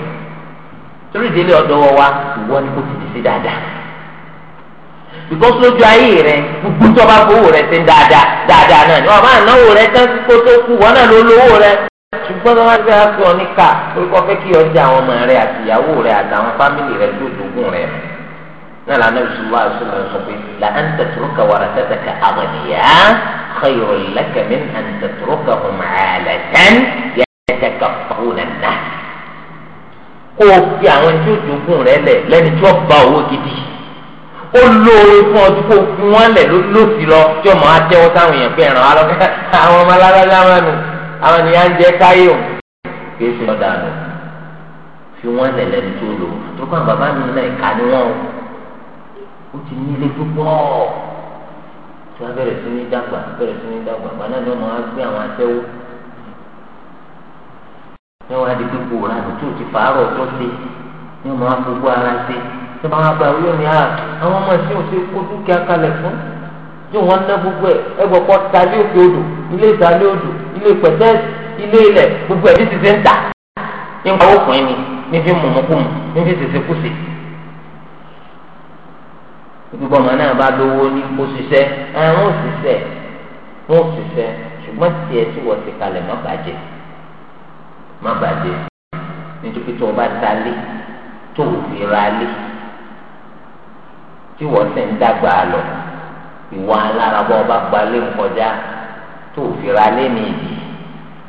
torí ìdílé ọ̀dọ́ wọ wa ìwọ ni kò ti di si dáadáa because lójú ayé rẹ gbogbo tó bá gbowó rẹ ṣe ń dáadáa dáadáa náà ni wọn bá náwó rẹ tán kó tó kú wọn náà ló lówó rẹ ṣùgbọ́n tó bá gbé akọ níkà orúkọ fẹ́ kí ọjà àwọn ọmọ rẹ àti ìyàwó rẹ àtàwọn fámìlì rẹ نلا lànà الله صلى الله عليه وسلم ń tẹ̀tùrúkà wàrà tẹ̀tẹ̀kà àgbẹ̀nìyà xeyọ̀ lẹ́kẹ̀mí à ń tẹ̀tùrúkà ọ̀mọ̀ẹ́lẹ̀tẹ́n yẹ tẹ̀tẹ̀kà fúnanà. kó o fi àwọn tí ó jogún rẹ lẹ lẹni tí ó gba owó gidi ó lóore fún ọdún kó fún wọn lẹ lófi lọ tí ọmọ atẹ́wọ́ táwọn èèyàn fẹ́ràn àwọn ọmọ alára lámánù àwọn ènìyàn ń jẹ káyọ̀ kí ó sì lọ́ọ́ fi wọn lẹ lẹni tó lò ó tó kàn bàbá mi náà ìka ni wọn ó ti nílé tó pọ̀ tí wọ́n bẹ̀rẹ̀ sí ní dàgbà bẹ̀rẹ̀ sí ní dàgbà gbà náà ni wọ́n máa gbé àwọn aṣẹ́wó ní wọ́n á di pípò rà ní tó ti fàárọ̀ tó ṣe ní wọ́n máa gbogbo ara ṣe tí wọ́n máa gbà wíwọ́n ni àwọn ọmọ ẹ̀sìn òṣè kó dúkìá kalẹ̀ fún tí wọ́n ná gbogbo ẹ̀ ẹgbẹ́ kọ́ ta ilé òkè odò ilé ìsàlẹ̀ odò ilé pẹ̀tẹ́sì ilé ilẹ̀ gbogbo ẹ̀ bí ti ṣe ń tà nípa òkùnrin ni ní fi mùmùkùmù ní fi ṣèṣe kùsì gbogbo ọmọ náà bá lówó ní kó ṣiṣẹ́ ẹ̀hún ṣiṣẹ́ wọn ò ṣiṣẹ́ ṣùgbọ́n tiẹ̀ tí wọ́n ti kalẹ̀ má bàjẹ́ má bàjẹ́ nítorí tó o bá dalé tó o fi ra lé tí wọ́n ti ń dàgbà lọ ìwà alára bọ́ ọba gbalé nkọjá tó o fi ní ìdí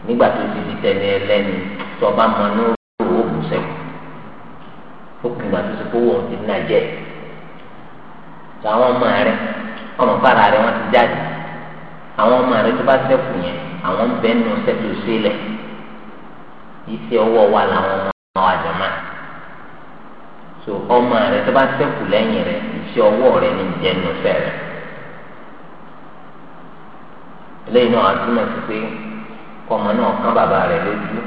nígbà tó ti di tẹ̀lé ẹlẹ́ni tó ọba mọ̀ ní òwò òwò sẹ́kù ó kìgbà tó ti kó wọ́n làwọn ọmọ rẹ ọmọ fara rẹ wọn ti jáde àwọn ọmọ rẹ tó bá sẹ́kù yẹn àwọn ń bẹ nù sẹ́kù sílẹ̀ iṣẹ́ ọwọ́ wa làwọn ọmọ wa jọ máa so ọmọ rẹ tó bá sẹ́kù lẹ́yìn rẹ iṣẹ́ ọwọ́ rẹ ní jẹ́ nù fẹ́ rẹ lẹ́yìn náà àtúmọ̀ sí pé kọ́mọ náà kán bàbá rẹ lójú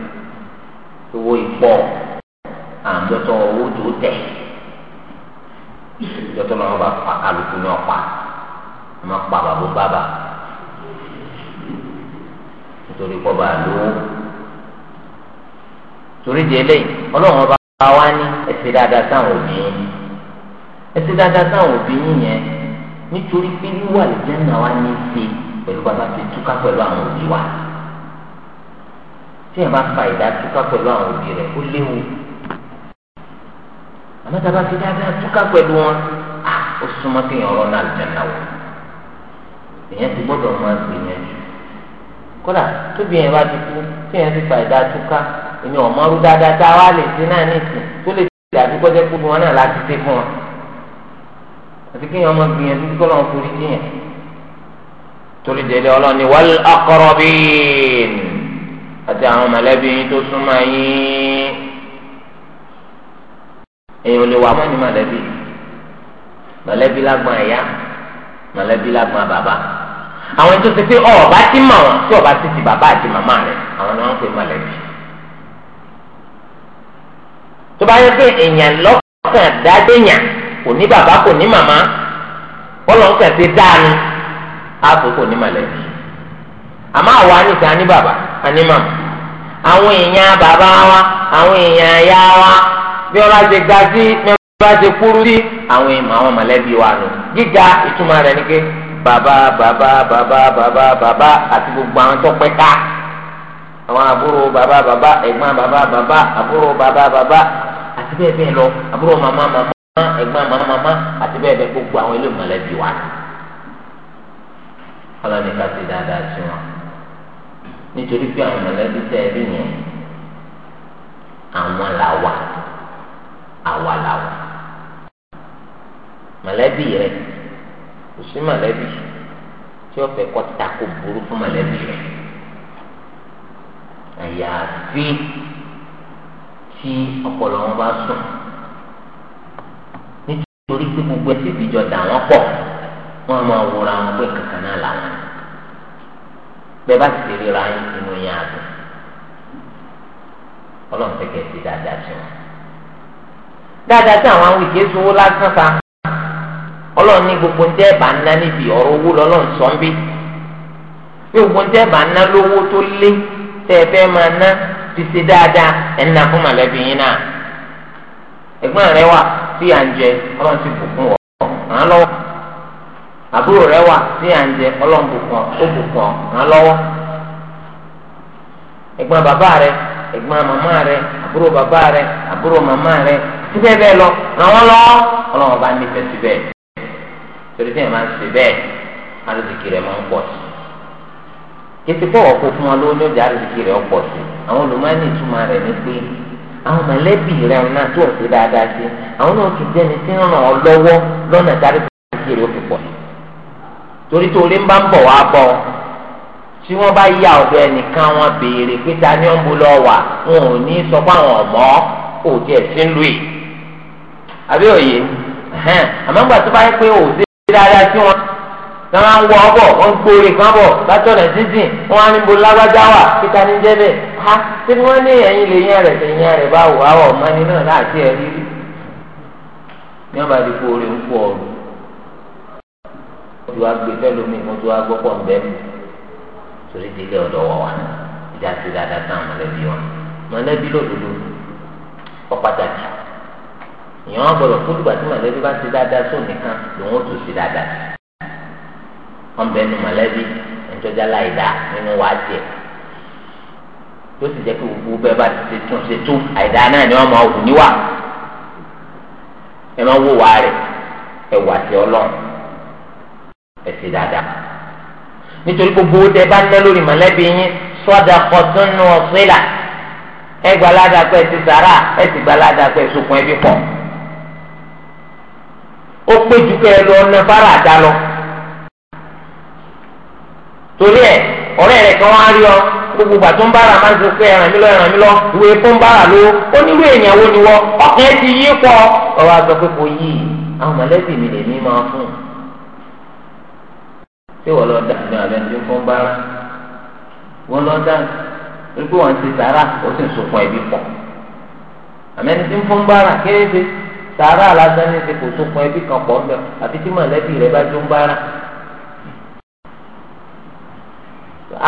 owó ìpọ̀ àǹdọ́tọ̀ owó tó tẹ̀ ìjọtọ́ náà wọ́n bá pa kálukú ní ọ̀pá wọ́n máa pa bàbá bàbá nítorí kọ́ba lówó torí di eléyìí ọlọ́run ọba wa ní ẹsẹ̀ dáadáa sáwọn òbí yín ẹsẹ̀ dáadáa sáwọn òbí yín yẹn nítorí pé wíwà lẹ́nà wa ní í ṣe pẹ̀lú bàbá ti túká pẹ̀lú àwọn òbí wa tí ẹ bá fa ìdá túká pẹ̀lú àwọn òbí rẹ̀ ó léwu àmọ́ tá a bá ti dáadáa túká pẹ̀lú wọn ó súnmọ́ kí èèyàn rọ́nà àlùjáná wọ̀ èèyàn ti gbọ́dọ̀ máa gbìyànjú kódà tóbi yẹn bá ti kú tí yẹn ti fa ìdá túká èmi ọ̀mọ́rú dáadáa tá a wá lè ṣe náà nìsín tó lè ṣe àdúgbò jẹ́ kúbi wọn náà láti ṣe fún wọn àti kí èèyàn máa gbìyànjú kí ọlọ́run forí jìyàn torí délé ọlọ́ni wal aqrabin àti àwọn mọ̀lẹ́bí tó súnmọ́ yín. èèyàn lè wà mọ́ni mọ̀lẹ́bí mọ̀lẹ́bí lágbọ́n ẹ̀yà mọ̀lẹ́bí lágbọ́n bàbá àwọn ètò ti pé ọba ti mọ̀ wọn tí ọba ti ti bàbá àti màmá rẹ̀ àwọn ni wọ́n ń pè mọ̀lẹ́bí. tó bá yẹ pé èèyàn lọ́kàn dáadéyàn kò ní bàbá kò ní màmá ọlọ́nkàn ti dáanu àpò kò ní mọ̀lẹ́bí. àmọ́ àwa nìkan á ní bàbá á màmá àwọn èèyàn bàbá wa àwọn èèyàn ìyá wa bí ọba ṣe ga sí bí ọba ṣe kúrú sí àwọn ìmọ̀ àwọn mọ̀lẹ́bí wa nù gíga ìtumọ̀ rẹ̀ ni pé bàbá bàbá bàbá bàbá bàbá àti gbogbo àwọn tó pẹ́ ká àwọn àbúrò bàbá bàbá ẹ̀gbọ́n bàbá bàbá àbúrò bàbá bàbá àti bẹ́ẹ̀ bẹ́ẹ̀ lọ àbúrò màmá màmá ẹ̀gbọ́n màmá màmá àti bẹ́ẹ̀ bẹ́ẹ̀ gbogbo àwọn ilé mọ̀lẹ́bí wa nù ọlọ́ni ká ti dáadáa sí wọn nítorí pé àwọn mọ̀lẹ́bí tẹ́ ẹ bí yẹn àwọn là awalawa o mọ̀lẹ́bí rẹ kò sí mọ̀lẹ́bí tí ọ̀fẹ́ kọ́ tako burú fún mọ̀lẹ́bí rẹ àyàfi tí ọpọlọ wọn bá sùn nítorí pé gbogbo ẹsẹ̀ ìbíjọ dà wọ́n pọ̀ wọ́n máa wúra wọn pé kankan náà làwọn bẹ́ẹ̀ bá ti ra inú yẹn àdùn ọlọ́run fẹ́ dáadáa tí àwọn awì kìí lásán ta ní gbogbo ń tẹ́ bá ń ná níbi ọ̀rọ̀ owó lọ́lọ́run gbogbo ń tẹ́ bá lówó tó lé tẹ́ máa ná ti ṣe dáadáa ẹ̀ fún màlẹ́bí yín náà ẹ̀gbọ́n rẹ wà à ń jẹ ọlọ́run ti bùkún ràn án lọ́wọ́ àbúrò rẹ síbẹ̀ bẹ́ẹ̀ lọ ràn wọ́n lọ́wọ́ ọlọ́wọ́n bá nífẹ̀ẹ́ síbẹ̀ torí tí ẹ̀ máa ń ṣe bẹ́ẹ̀ alùpùpù rẹ̀ máa ń pọ̀ sí i kìtì pọ̀ ọ̀pọ̀ fún wọn lówó ní ọjà alùpùpù rẹ̀ pọ̀ sí i àwọn olùmọ́ni ìtumọ̀ rẹ̀ ni pé àwọn mọ̀lẹ́bí rẹ̀ náà tó ọ̀sẹ̀ dáadáa sí àwọn náà ti jẹ́ni tí ń ràn ọ́ lọ́wọ́ lọ́nà dárí alùpùpù rẹ̀ ó fi tí wọ́n bá yá ọ̀dọ̀ ẹnìkan wọn béèrè pé ta ni ó ń bu wà wọn ò ní sọ fún àwọn ọ̀mọ́ òjẹ̀ sínú yìí àbí òye ẹ̀hẹ́n àmọ́ ńgbà tó bá yẹ pé ò sí dáadáa sí wọn wọ́n máa ń wọ ọ́ bọ̀ wọ́n ń gbóore kan bọ̀ látọ̀nà jíjìn wọ́n á ní bo lágbájá wà kíta ní jẹ́ bẹ́ẹ̀ ha ṣé ni wọ́n ní ẹ̀yin lè yẹn rẹ̀ lẹ́yìn rẹ̀ bá wò áwọ̀ ọ̀mọ́ni náà láti ẹ̀ rí rí ní wọ́n bá di kóore ń kó ọ̀rọ̀ ojú wa gbé fẹ́ lómi mo tó wa gbọ́ pọ̀ nbẹ́ mi torí délé ọ̀dọ̀ ìyẹn wọn gbọ́dọ̀ kó dùgbà tí mọ̀lẹ́bí bá ti dáadáa sóun nìkan lòun ó tún sí dáadáa wọn bẹ nu mọ̀lẹ́bí ẹnjọjá láì dá nínú wàá jẹ yóò sì jẹ pé gbogbo bẹ́ẹ̀ bá ti tún ṣe tún àìdá náà ni wọn máa wù níwà ẹ máa wò wá rẹ ẹ wà sí Ọlọ́run ẹ sì dáadáa nítorí gbogbo tẹ bá ná lórí mọ̀lẹ́bí yín sọdà kọtún nù ọsílà ẹ gbàládà pẹ ti sàrà ẹ sì gbàládà pẹ sókun ẹbí pọ. ó péjú kẹ́ ẹ lọ ọ̀nà fara àdá lọ. torí ẹ ọ̀rẹ́ rẹ̀ kan wá rí ọ gbogbo ìgbà tó ń bára máa ń sọ pé ẹ̀ràn mi lọ mi lọ ìwé fún bára ló ó nílò èèyàn ni wọ ọkàn ẹ ti yí pọ pé kò yí àwọn mi lè tara ala ní ti kò tó pọn kan pọ̀ àti tí mọ̀lẹ́bí rẹ bá jó ń bára.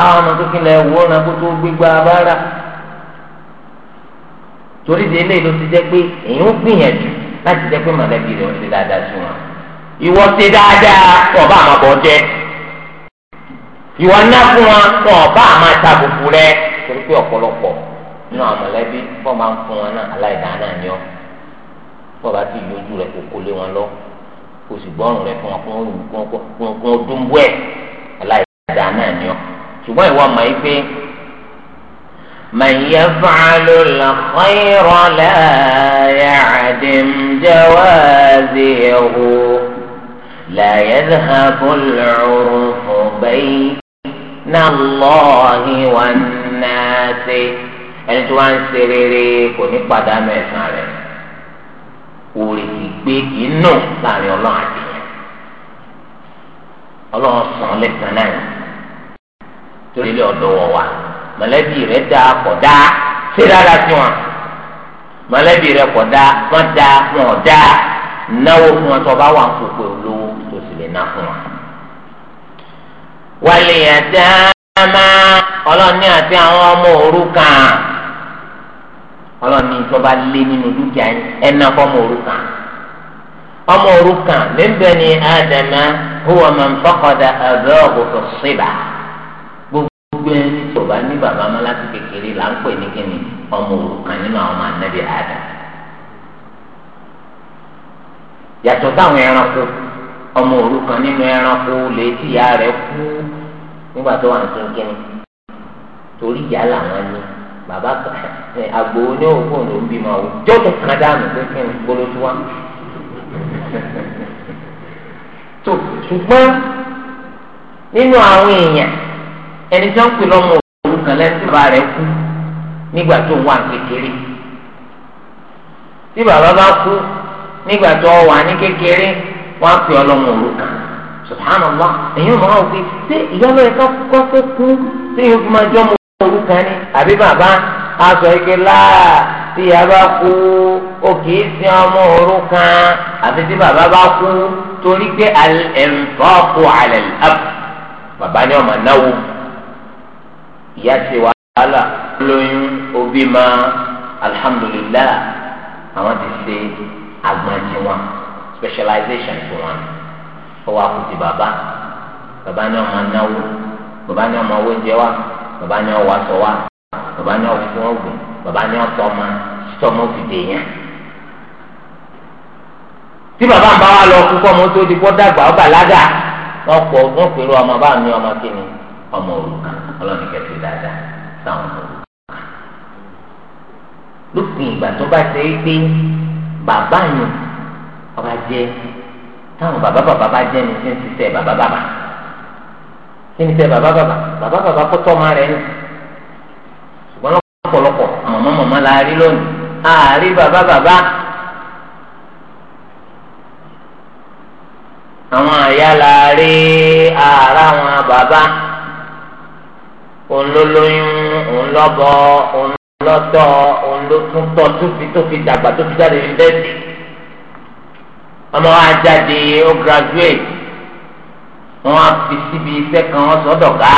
àwọn ọmọ tó kílẹ̀ wò ó kó tó gbégbá torí eléyìí ló ti jẹ́ pé èyí ń gbìyànjú láti jẹ́ pé mọ̀lẹ́bí rẹ ò ṣe dáadáa sí wọn. ìwọ ṣe dáadáa kọ̀ bá àmọ́ jẹ́ ìwọ ná fún wọn kọ̀ bá àmọ́ rẹ torí bọ́ọ̀bá ti yọjú rẹ̀ kò kólé wọn lọ kò sì gbọ́rùn rẹ̀ fún wọn kó wọn dún bú náà ni ọ ṣùgbọ́n ìwọ mọ̀ yìí pé من يفعل الخير لا يعدم جوازيه لا يذهب العرف بين الله والناس ẹni tí wọ́n ń ṣe rere kò ní padà mẹ́sàn-án rẹ̀ òòrè kì í gbé kì í nù láàrin ọlọ́run àti yẹn ọlọ́run sàn lẹ́sàn náà torí lé ọ̀dọ̀ wọ̀ wá mọ̀lẹ́bí rẹ̀ dá kọ̀ dá ṣé dáadáa sí wọn mọ̀lẹ́bí rẹ̀ kọ̀ dá wọ́n dá wọn dá náwó fún wọn tó bá wà ń kókó olówó tó sì lè ná fún wọn. wàlẹ̀ yẹn dáa ọlọ́ni àti àwọn ọmọ òrukàn ọlọ́run ní ìjọba lé nínú dúkìá yín ẹ̀nà fọmọ òrukàn ọmọ òrukàn lẹ́ńbẹ̀ ni àdàmà huwa man faqada abahu fi siba gbogbo ẹni tí o bá ní bàbá mọ́ láti kékeré là ń pè ní kíni ọmọ òrukàn nínú àwọn ọmọ ànábì àdàmà yàtọ̀ táwọn ẹranko ọmọ òrukàn nínú ẹranko lè ti ìyá rẹ̀ kú nígbà tó wà ní kíni torí ìyá làwọn ẹni bàbá ẹ àgbò ní òògùn ló ń bímọ àwùjọ tó kàn dànù pé kí n gbóló tó wá. tó ṣùgbọ́n nínú àwọn èèyàn ẹni tó ń pè lọ́mọ òrukàn lẹ́sìn bàbá rẹ̀ kú nígbà tó wà kékeré tí bàbá bá kú nígbà tó wà ní kékeré wọ́n á pè ọlọ́mọ òrukàn subhanallah èyí ò máa wọ pé ṣé ìyá lọ́yẹ̀ká kọ́kọ́ kú tí yóò fi máa orúkọ ni àbí bàbá a sọ ike láà tí ìyá bá kú ó kì í sin ọmọ òrukàn àfi tí bàbá bá kú torí pé ẹ̀ǹfọ́kù alẹ́ lab bàbá ni ọmọ náwó ìyá ti wàhálà lóyún òbí ma alhamdulilah àwọn ti ṣe agbọ̀njì wọn specialization fún wọn ó wà bàbá bàbá ni ọmọ náwó bàbá ni ọmọ owó jẹ wa bàbá ni ọwọ́ aṣọ wa bàbá ni ọfún ọgùn bàbá ni ọtọ ọmọ títọ ọmọ òfìdè yẹn. tí bàbá ń bá wa lọ kú kọ́ ọmọ tó di kọ́ dàgbà ọba lága wọ́n pọ̀ wọ́n pèrò ọmọ bá mi ọmọ kíni ọmọ òrùka ọlọ́ni kẹsì dáadáa sáwọn ọmọ òrùka. lópin ìgbà tó bá ṣe é pé bàbá yẹn ọba jẹ táwọn bàbá bàbá bá jẹ ní sí bàbá bàbá kíni tẹ bàbá bàbá bàbá bàbá kó tọ́ ma rẹ̀ ni ṣùgbọ́n lọ́pọ̀lọpọ̀ màmá màmá la rí lónìí àárí bàbá bàbá àwọn àyà la rí àárá àwọn bàbá òun ló lóyún òun lọ́bọ òun lọ́tọ̀ òun ló tún tọ́ tó fi tó dàgbà tó jáde ní bẹ́ẹ̀sì ọmọ wa jáde ó graduate wọn á fi síbi iṣẹ́ kan wọn sọ́dọ̀ ká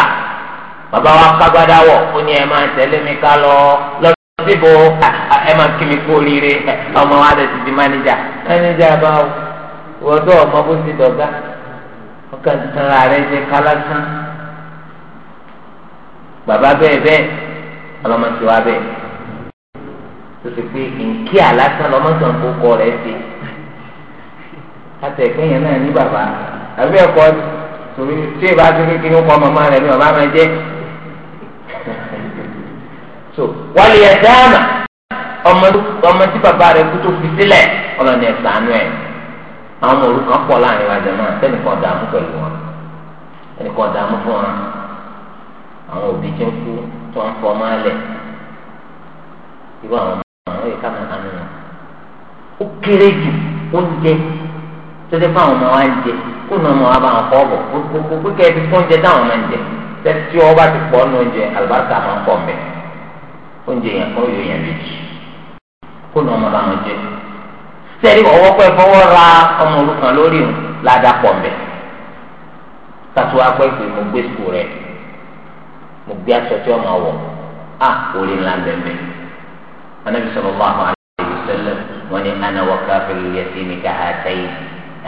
bàbá wa kágbádá wọ ó ní ẹ máa tẹ̀lé mi ká lọ lọ síbò ẹ máa kí mi kú oríire ọmọ wa lè ti di mánéjà mánéjà bá wò wọ́n tó ọmọ bó ti dọ̀gá ọkàn tanra rẹ jẹ kálásán bàbá bẹ́ẹ̀ bẹ́ẹ̀ ọlọ́mọsí wa bẹ́ẹ̀ tó ti pé nkí àlásán lọ́mọsán kó kọ rẹ̀ sí kátẹ́ ìpínyẹn náà ní bàbá àbí ẹ̀kọ́ ti. torí tí ìbá ti ní kíni kọ́ màmá rẹ̀ ni màmá máa jẹ́ so wálé ẹ̀ dáàmà ọmọ tí bàbá rẹ̀ kú tó fi sílẹ̀ ọlọ́ni ẹ̀ sànú ẹ̀ àwọn ọmọ òrukàn pọ̀ láàrin wa jẹ̀mọ́ sẹ́nìkan dààmú pẹ̀lú wọn ẹnìkan dààmú fún wọn àwọn òbí tí ń kú tó ń fọ máa lẹ̀ àwọn kánú wọn ó kéré jù oúnjẹ tó dé fún àwọn ọmọ wa ń jẹ tó nà mọ abà ńkọ bọ gbogbo kẹ ẹbí tó ń jẹ dáhùn náà ń jẹ tẹsí ọba ti pọ nù oúnjẹ àlùbáríkà máa ń pọ mẹ oúnjẹ yẹn kọ yóò yẹn méjì kó nà ọmọ làwọn jẹ sẹ́ẹ̀rì ọwọ́ pẹ́ fọwọ́ ra ọmọ olùkàn lórí òun ládàá pọ̀ mẹ́ tàtó apẹ́ pé mo gbé sùkúù rẹ̀ mo gbé aṣọ tí ọmọ wọ̀ á orí ńlá bẹ̀mẹ̀ anabi sallallahu alaihi wasallam wọn ni ana wa kafil yatimi ka àtẹ̀yìn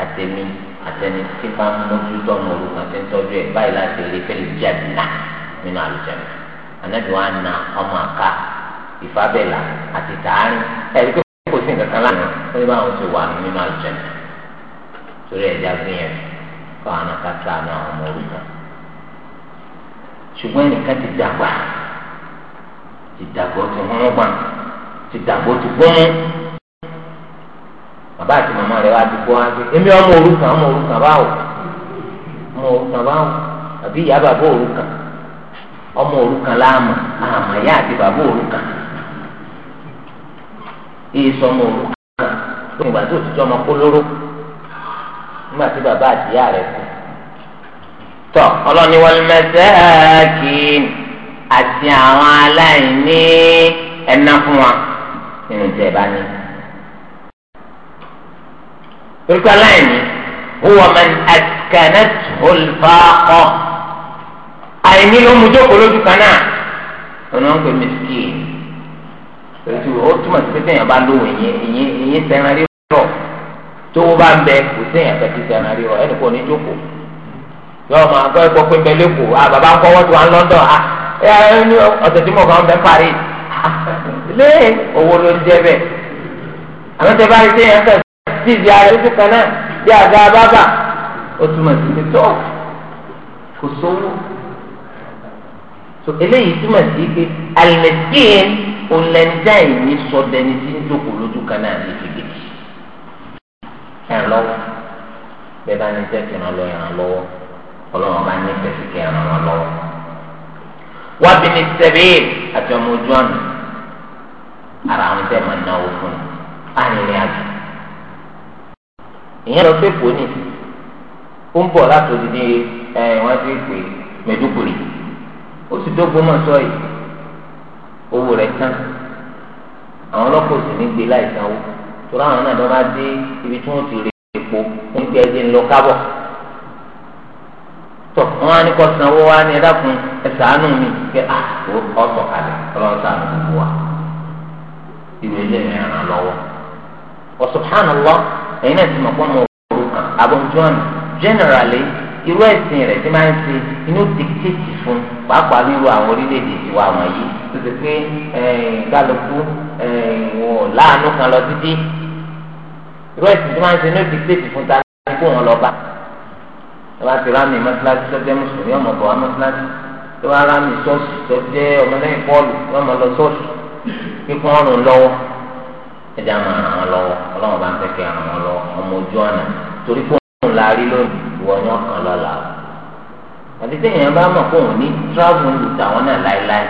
àtẹ̀mí àtẹni tí máa ń mójú tọ́nu olùkọ́ àti ńtọ́jú ẹ̀ báyìí láti rí fẹ́lẹ̀ jẹ́nà nínú àlùjẹ́nà ànábì wa na ọmọ àká ìfábẹ́là àti tààrin ẹ̀rí pé kò sí nǹkan kan lánàá ó ní báwọn ti wà nínú àlùjẹ́nà torí ẹ̀já gbìyànjú káwọn àkàtà àwọn ọmọ olùkọ́ ṣùgbọ́n ẹnìkan ti dàgbà ti dàgbọ́ ti hún gbà ti dàgbọ́ ti gbọ́n bàbá àti màmá rẹ̀ wá ti kó wá èmi ọmọ òrukàn ọmọ òrukàn báwò ọmọ òrukàn báwò àbí ìyá bàbá òrukàn ọmọ òrukàn láàmà àmà ìyá àti bàbá òrukàn èso ọmọ òrukàn lóyún ìgbà tó ti àti tọ ọlọ́ni àti àwọn aláìní ẹ̀ná fún wa nínú torípé aláìní huwa man askanathu al-faqa àìní ló mú jókòó lójú kan náà ọ̀nà ń pè miskin tòtù ó túmọ̀ sí pé téèyàn bá lówó ìyẹn ìyẹn sẹ́ran rírọ̀ tó wọ́n bá ń bẹ kò séèyàn fẹ́ ti sẹ́ran rírọ̀ ẹnì kò ní jókòó yọọ ma gbọ́ ẹ̀kọ́ pé mbẹ́lẹ́ kù ah baba ń kọ́ wọ́n wà ń London ah ẹ tí mo kàn ń bẹ lé owó ló ń jẹ bẹ́ẹ̀ dídì àdójú kan náà bí àga bábà ó túmọ̀ sí pé tó kò sówó tó eléyìí túmọ̀ sí pé àlẹ́dín olẹ́dá ìní sọdẹni tí ń jókòó lójú kan náà ní ìfìdíkì ẹ̀ lọ́wọ́ bẹ́ẹ̀ bá ní jẹ́ kí n lọ lọ́wọ́ ọlọ́wọ́ bá ní ìfẹ́ sí kí lọ́wọ́ wá bí ní sẹ́bíì àti ọmọ ojú ọ̀nà ara àwọn tẹ́ máa náwó fún un á nílé àjò. ìyẹn lọ sí poni ní ó ń bọ̀ láti òdìdí ẹ wọ́n ti pè mẹ́dúkùrì ó sì dógbó mọ̀ sọ yìí owó rẹ̀ tán àwọn ọlọ́pàá sì ní gbé láì sanwó torí náà lọ́ba dé ibi tí wọ́n ti rè epo ń gbé ẹjẹ ńlọ kábọ̀ á ní sanwó wa ní ẹ̀dá kun ẹ mi kẹ à ọ̀tọ̀ kalẹ̀ Ọlọ́run ṣàánú gbogbo wa ràn lọ́wọ́ ẹ̀yin náà ti mọ̀ pọ́n mọ òru abọ́jọ́nù generally irú ẹ̀sìn rẹ̀ ti máa ń ṣe inú dictate fún pàápàá ríru àwọn orílẹ̀-èdè ìwà àwọn yìí tó ti pé eh, kálukú eh, wọn láàánú kan lọ títí irú ẹ̀sìn ti máa ń ṣe inú dictate fún ta ní kó wọn lọ bá tó bá ti rámì mọ́tíláṣí tó jẹ́ mùsùlùmí ọmọ bọ̀ wá mọ́tíláṣí tó bá rámì ṣọ́ọ̀ṣì tó jẹ́ ọmọlẹ́yìn pọ́ọ̀lù ọmọ lọ ṣọ́ọ̀ṣì kíkún ọrùn lọ́wọ́ ẹjẹ àmọ́ ràn wọn lọ́wọ́ Ọlọ́run bá ń fẹ́ kẹ ràn wọn lọ́wọ́ ọmọ ojú ọ̀nà torí fóònù la rí lónìí ìwọ ni ọkàn lọ́la àti tí èèyàn bá mọ̀ pé òun ní tíráàbù ń lu tàwọn náà láéláé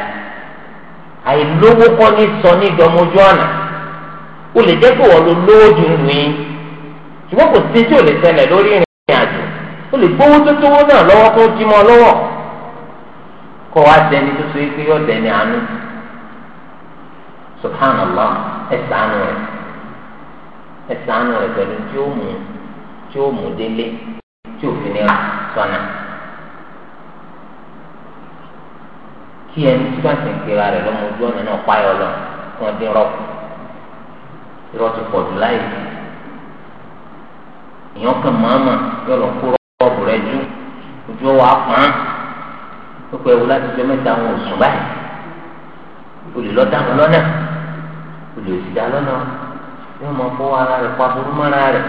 àìlówó kọ́ ní sọ ní ìdánmọ ojú ọ̀nà o lè jẹ́ pé wọ́n lo lówó dùn wín ṣùgbọ́n kò sí tí ò lè ṣẹlẹ̀ lórí ìrìn àjò o lè gbówó tó tówó náà lọ́wọ́ kó jí mọ́ lọ́wọ́ kọ́ wa dẹni tó so é yọ dẹni àánú سبحان الله ṣàánú rẹ̀ ẹ ṣàánú rẹ̀ pẹ̀lú tí ó mú tí ó mú délé tí òfin ní sọnà kí ẹni tí wọn ti ń kira rẹ̀ lọmọ ojú ọ̀nà náà páyọ lọ kí wọn dín rọpò irọ́ ti pọ̀ jù láì sí èèyàn kan màmá yóò lọ kó rọ́ọ̀bù rẹ jú ojú ọwọ́ apán pípẹ́ ewu láti jẹ mẹ́ta àwọn òsùn báyìí olè lọ́dà lọ́nà olè òsìdá lọ́nà yóò máa kó ara rẹ̀ pa burú mọ́ra rẹ̀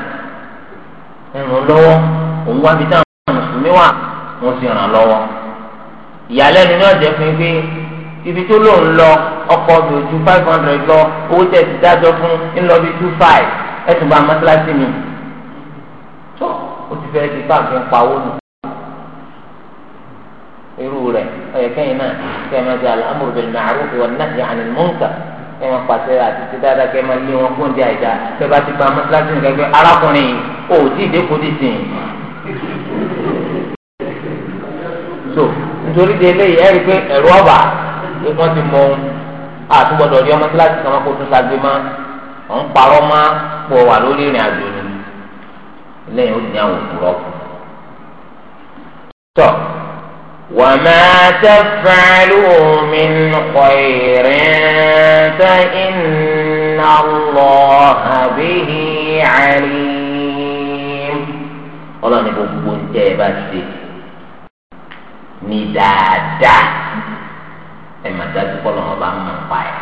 ẹ̀rùn lọ́wọ́ òun wá bí táwọn mùsùlùmí wà wọ́n sì ràn lọ́wọ́ ìyàlẹ́nu ní ọ̀jẹ̀ fún pé ibi tó lòun lọ ọkọ̀ mi ò ju five hundred lọ owó tẹ̀ ti dájọ́ fún ńlọ bí two five ẹ̀sùn bá mọ́tíláṣí mi tó o ti fẹ́ẹ́ ti bá pawó nù irú rẹ̀ ọ̀yẹ̀kẹ́yìn náà kẹ́ẹ̀ máa di al-amru bil-ma'ruf wan-nahyi 'anil ẹ máa pàṣẹ àti ti dáadáa kẹ máa lé wọn fún di àìdá bẹ́ẹ̀ bá ti pa mọsálásí nìkan pé arákùnrin ò tí ì dẹkùn ti sìn. so nítorí de eléyìí ẹ rí i pé ẹ̀rọ ọ̀bà pé wọ́n ti mọ ohun àtúgbọ̀dọ̀ rí ọmọ kíláàsì kan kó tún sáájú mọ́ ń parọ́ mọ́ pọ̀ wà lórí ìrìn àjò ni lẹ́yìn ó dín àwọn òkú rọ́ọ̀kù. وما تفعلوا من خير فإن الله به عليم ọlọ́ni gbogbo ń tẹ́ ẹ bá ṣe ní dáadáa ẹ má dájú pọ́ lọ́wọ́ bá ń mọ̀ pa ẹ̀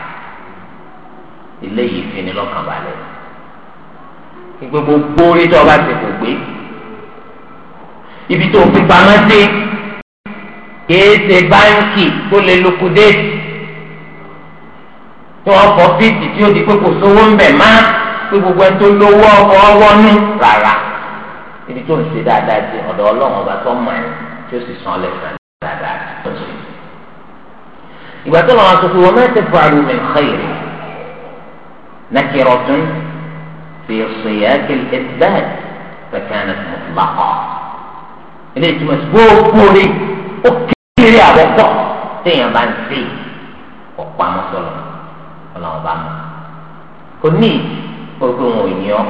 eléyìí fi ni lọ́kàn balẹ̀ gbogbo orí tó o bá ti kò gbé ibi tó o fi pamọ́ sí kìí ṣe báńkì tó lè lukudeeti tó ọkọ̀ fíìtì tí ó di pé kò sówó ń bẹ̀ má pé gbogbo ẹni tó lówó ọkọ̀ ọwọ́nú rárá ibi tó ń ṣe dáadáa ti ọ̀dọ̀ ọlọ́run ọba tó mọ̀ ẹ́ tí ó sì san lẹ́sàn dáadáa tó ṣe. ìgbà tó lọ́wọ́ aṣọ fún wọn mẹ́tẹ̀ fàlù min khayri nakiratun fi siyaq al-ithbat fa kanat mutlaqa ilé ìtumọ̀ sí gbogbo rẹ̀ ó k kiri àkọ́kọ́ téèyàn bá ń ṣe ọ̀pá sọ̀rọ̀ ọlọ́run bá mọ́ kò ní gbogbo wọn ò yan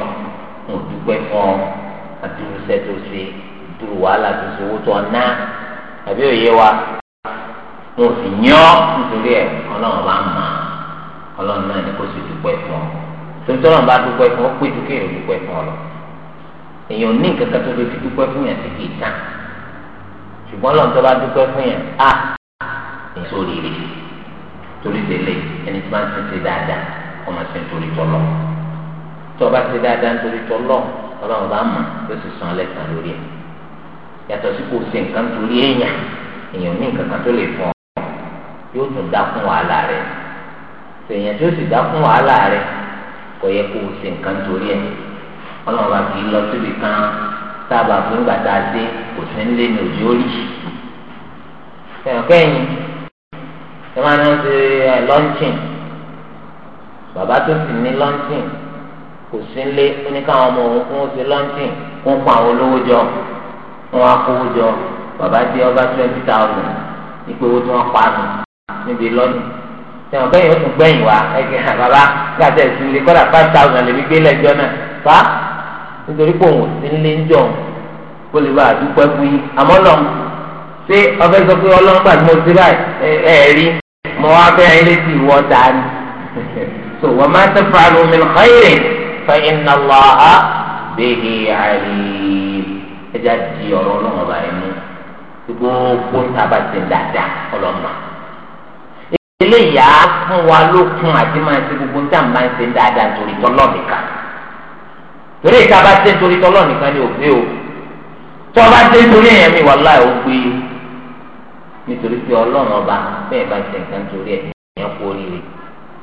dúpẹ́ fún ọ tó ṣe dúró wàhálà tó ṣe owó tó ọ̀nà àbí òye wa wọn ò sì yan nítorí ẹ ọlọ́run bá mọ́ ọlọ́run náà ni kò sì dúpẹ́ fún ọ tontọ́nà bá dúpẹ́ fún ọ pé dúkẹ́ yóò dúpẹ́ fún ọ lọ èèyàn ní nǹkan kan tó lè fi dúpẹ́ fún yàn kì í tán ṣùgbọ́n lọ́n tó bá dúpẹ́ fún yẹn á èso rírì torí délé ẹni tí wọ́n ti ṣe dáadáa ọmọ ṣe ń torí tọ́lọ́ tó o bá ṣe dáadáa ń torí tọ́lọ́ ọlọ́run bá mọ̀ yóò sì san lẹ́sàn lórí ẹ̀ yàtọ̀ sí kò ṣe nǹkan torí èèyàn èèyàn ní nǹkan kan tó lè fún ọ yóò tún dá fún wàhálà rẹ̀ èèyàn tí ó sì dá fún wàhálà rẹ̀ kò yẹ kó o ṣe nǹkan torí ẹ̀ ọlọ́run bá kì í lọ síbi kan sábà fún ìgbà tá a dé kò sí ń lé ní òjì orí kẹ́yìn ẹ máa ń ṣe lọ́ńchìn bàbá tó sì ní lọ́ńchìn kò sí ń lé ní káwọn ọmọ òun fún ṣe lọ́ńchìn kó pa àwọn olówó jọ wọn á kówó jọ bàbá dé ọba twenty thousand ìpè owó tí wọ́n pa nù níbi lọ́nù tẹ̀wọ̀n kẹ́yìn ó tún gbẹ̀yìn wá ẹ̀kẹ́ bàbá gbàtẹ́ ìsinmi kọ́dà five thousand lè fi gbé lẹ́jọ́ náà fa nítorí pé òun sì ń lé ń jọ kó lè bá àdúpẹ́ fún yín àmọ́ lọ́n ṣé ọbẹ̀ sọ pé ọlọ́run gbà tí mo ti rà ẹ̀ rí mo wá fẹ́ ayé létí ìwọ ta ni so wa ma taf'alu min khairin fa inna Allaha bihi alim ẹja di ọ̀rọ̀ ọlọ́run ọba yẹn mú gbogbo ń taba ti dáadáa ọlọ́mọ eléyàá fún wa lókun àti máa ṣe gbogbo ń tàbá ń ṣe dáadáa torí tọ́lọ́mìkan eré ìta bá dé nítorí tọ́lọ́ nìkan ni ò gbé o tó o bá dé nítorí èèyàn mi wàláhì ò gbé nítorí pé ọlọ́run ọba bẹ́ẹ̀ bá ṣe nǹkan torí ẹ̀ èèyàn kú oríire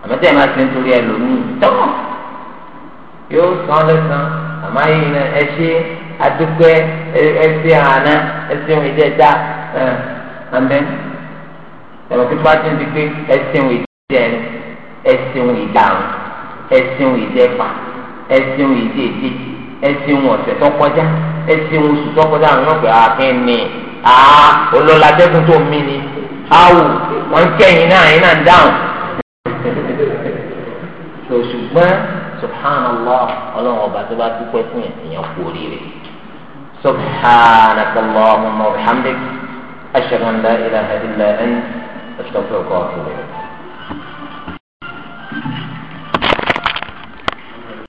àmọ́ tẹ́ ẹ̀ máa ṣe nítorí ẹ lòmíì tọ́wọ́ yóò san lẹ́sàn àmọ́ ayé ẹ ṣe adúpẹ́ ẹsẹ̀ àná ẹsẹ̀ òun ìjẹta àmẹ́ ẹ̀rọ pípa ti ń di pé ẹsẹ̀ òun ìjẹ ẹsẹ̀ òun ìjà ẹsẹ̀ òun ìjẹpa ẹsìn wọn ìdí èdè ẹsìn wọn ọ̀sẹ̀ tó kọjá ẹsìn wọn oṣù tó kọjá àwọn ọ̀pẹ̀ àkínní à olóla dẹ́kun tó mí ni àwò wọn kẹ́yìn náà yín náà dáhùn. ṣùgbọ́n subhanallah ọlọ́run ọba tó bá dúpẹ́ fún èèyàn kú oríire subhanaka allahumma wa bihamdik ashhadu an ilaha illa anta astaghfiruka wa atubu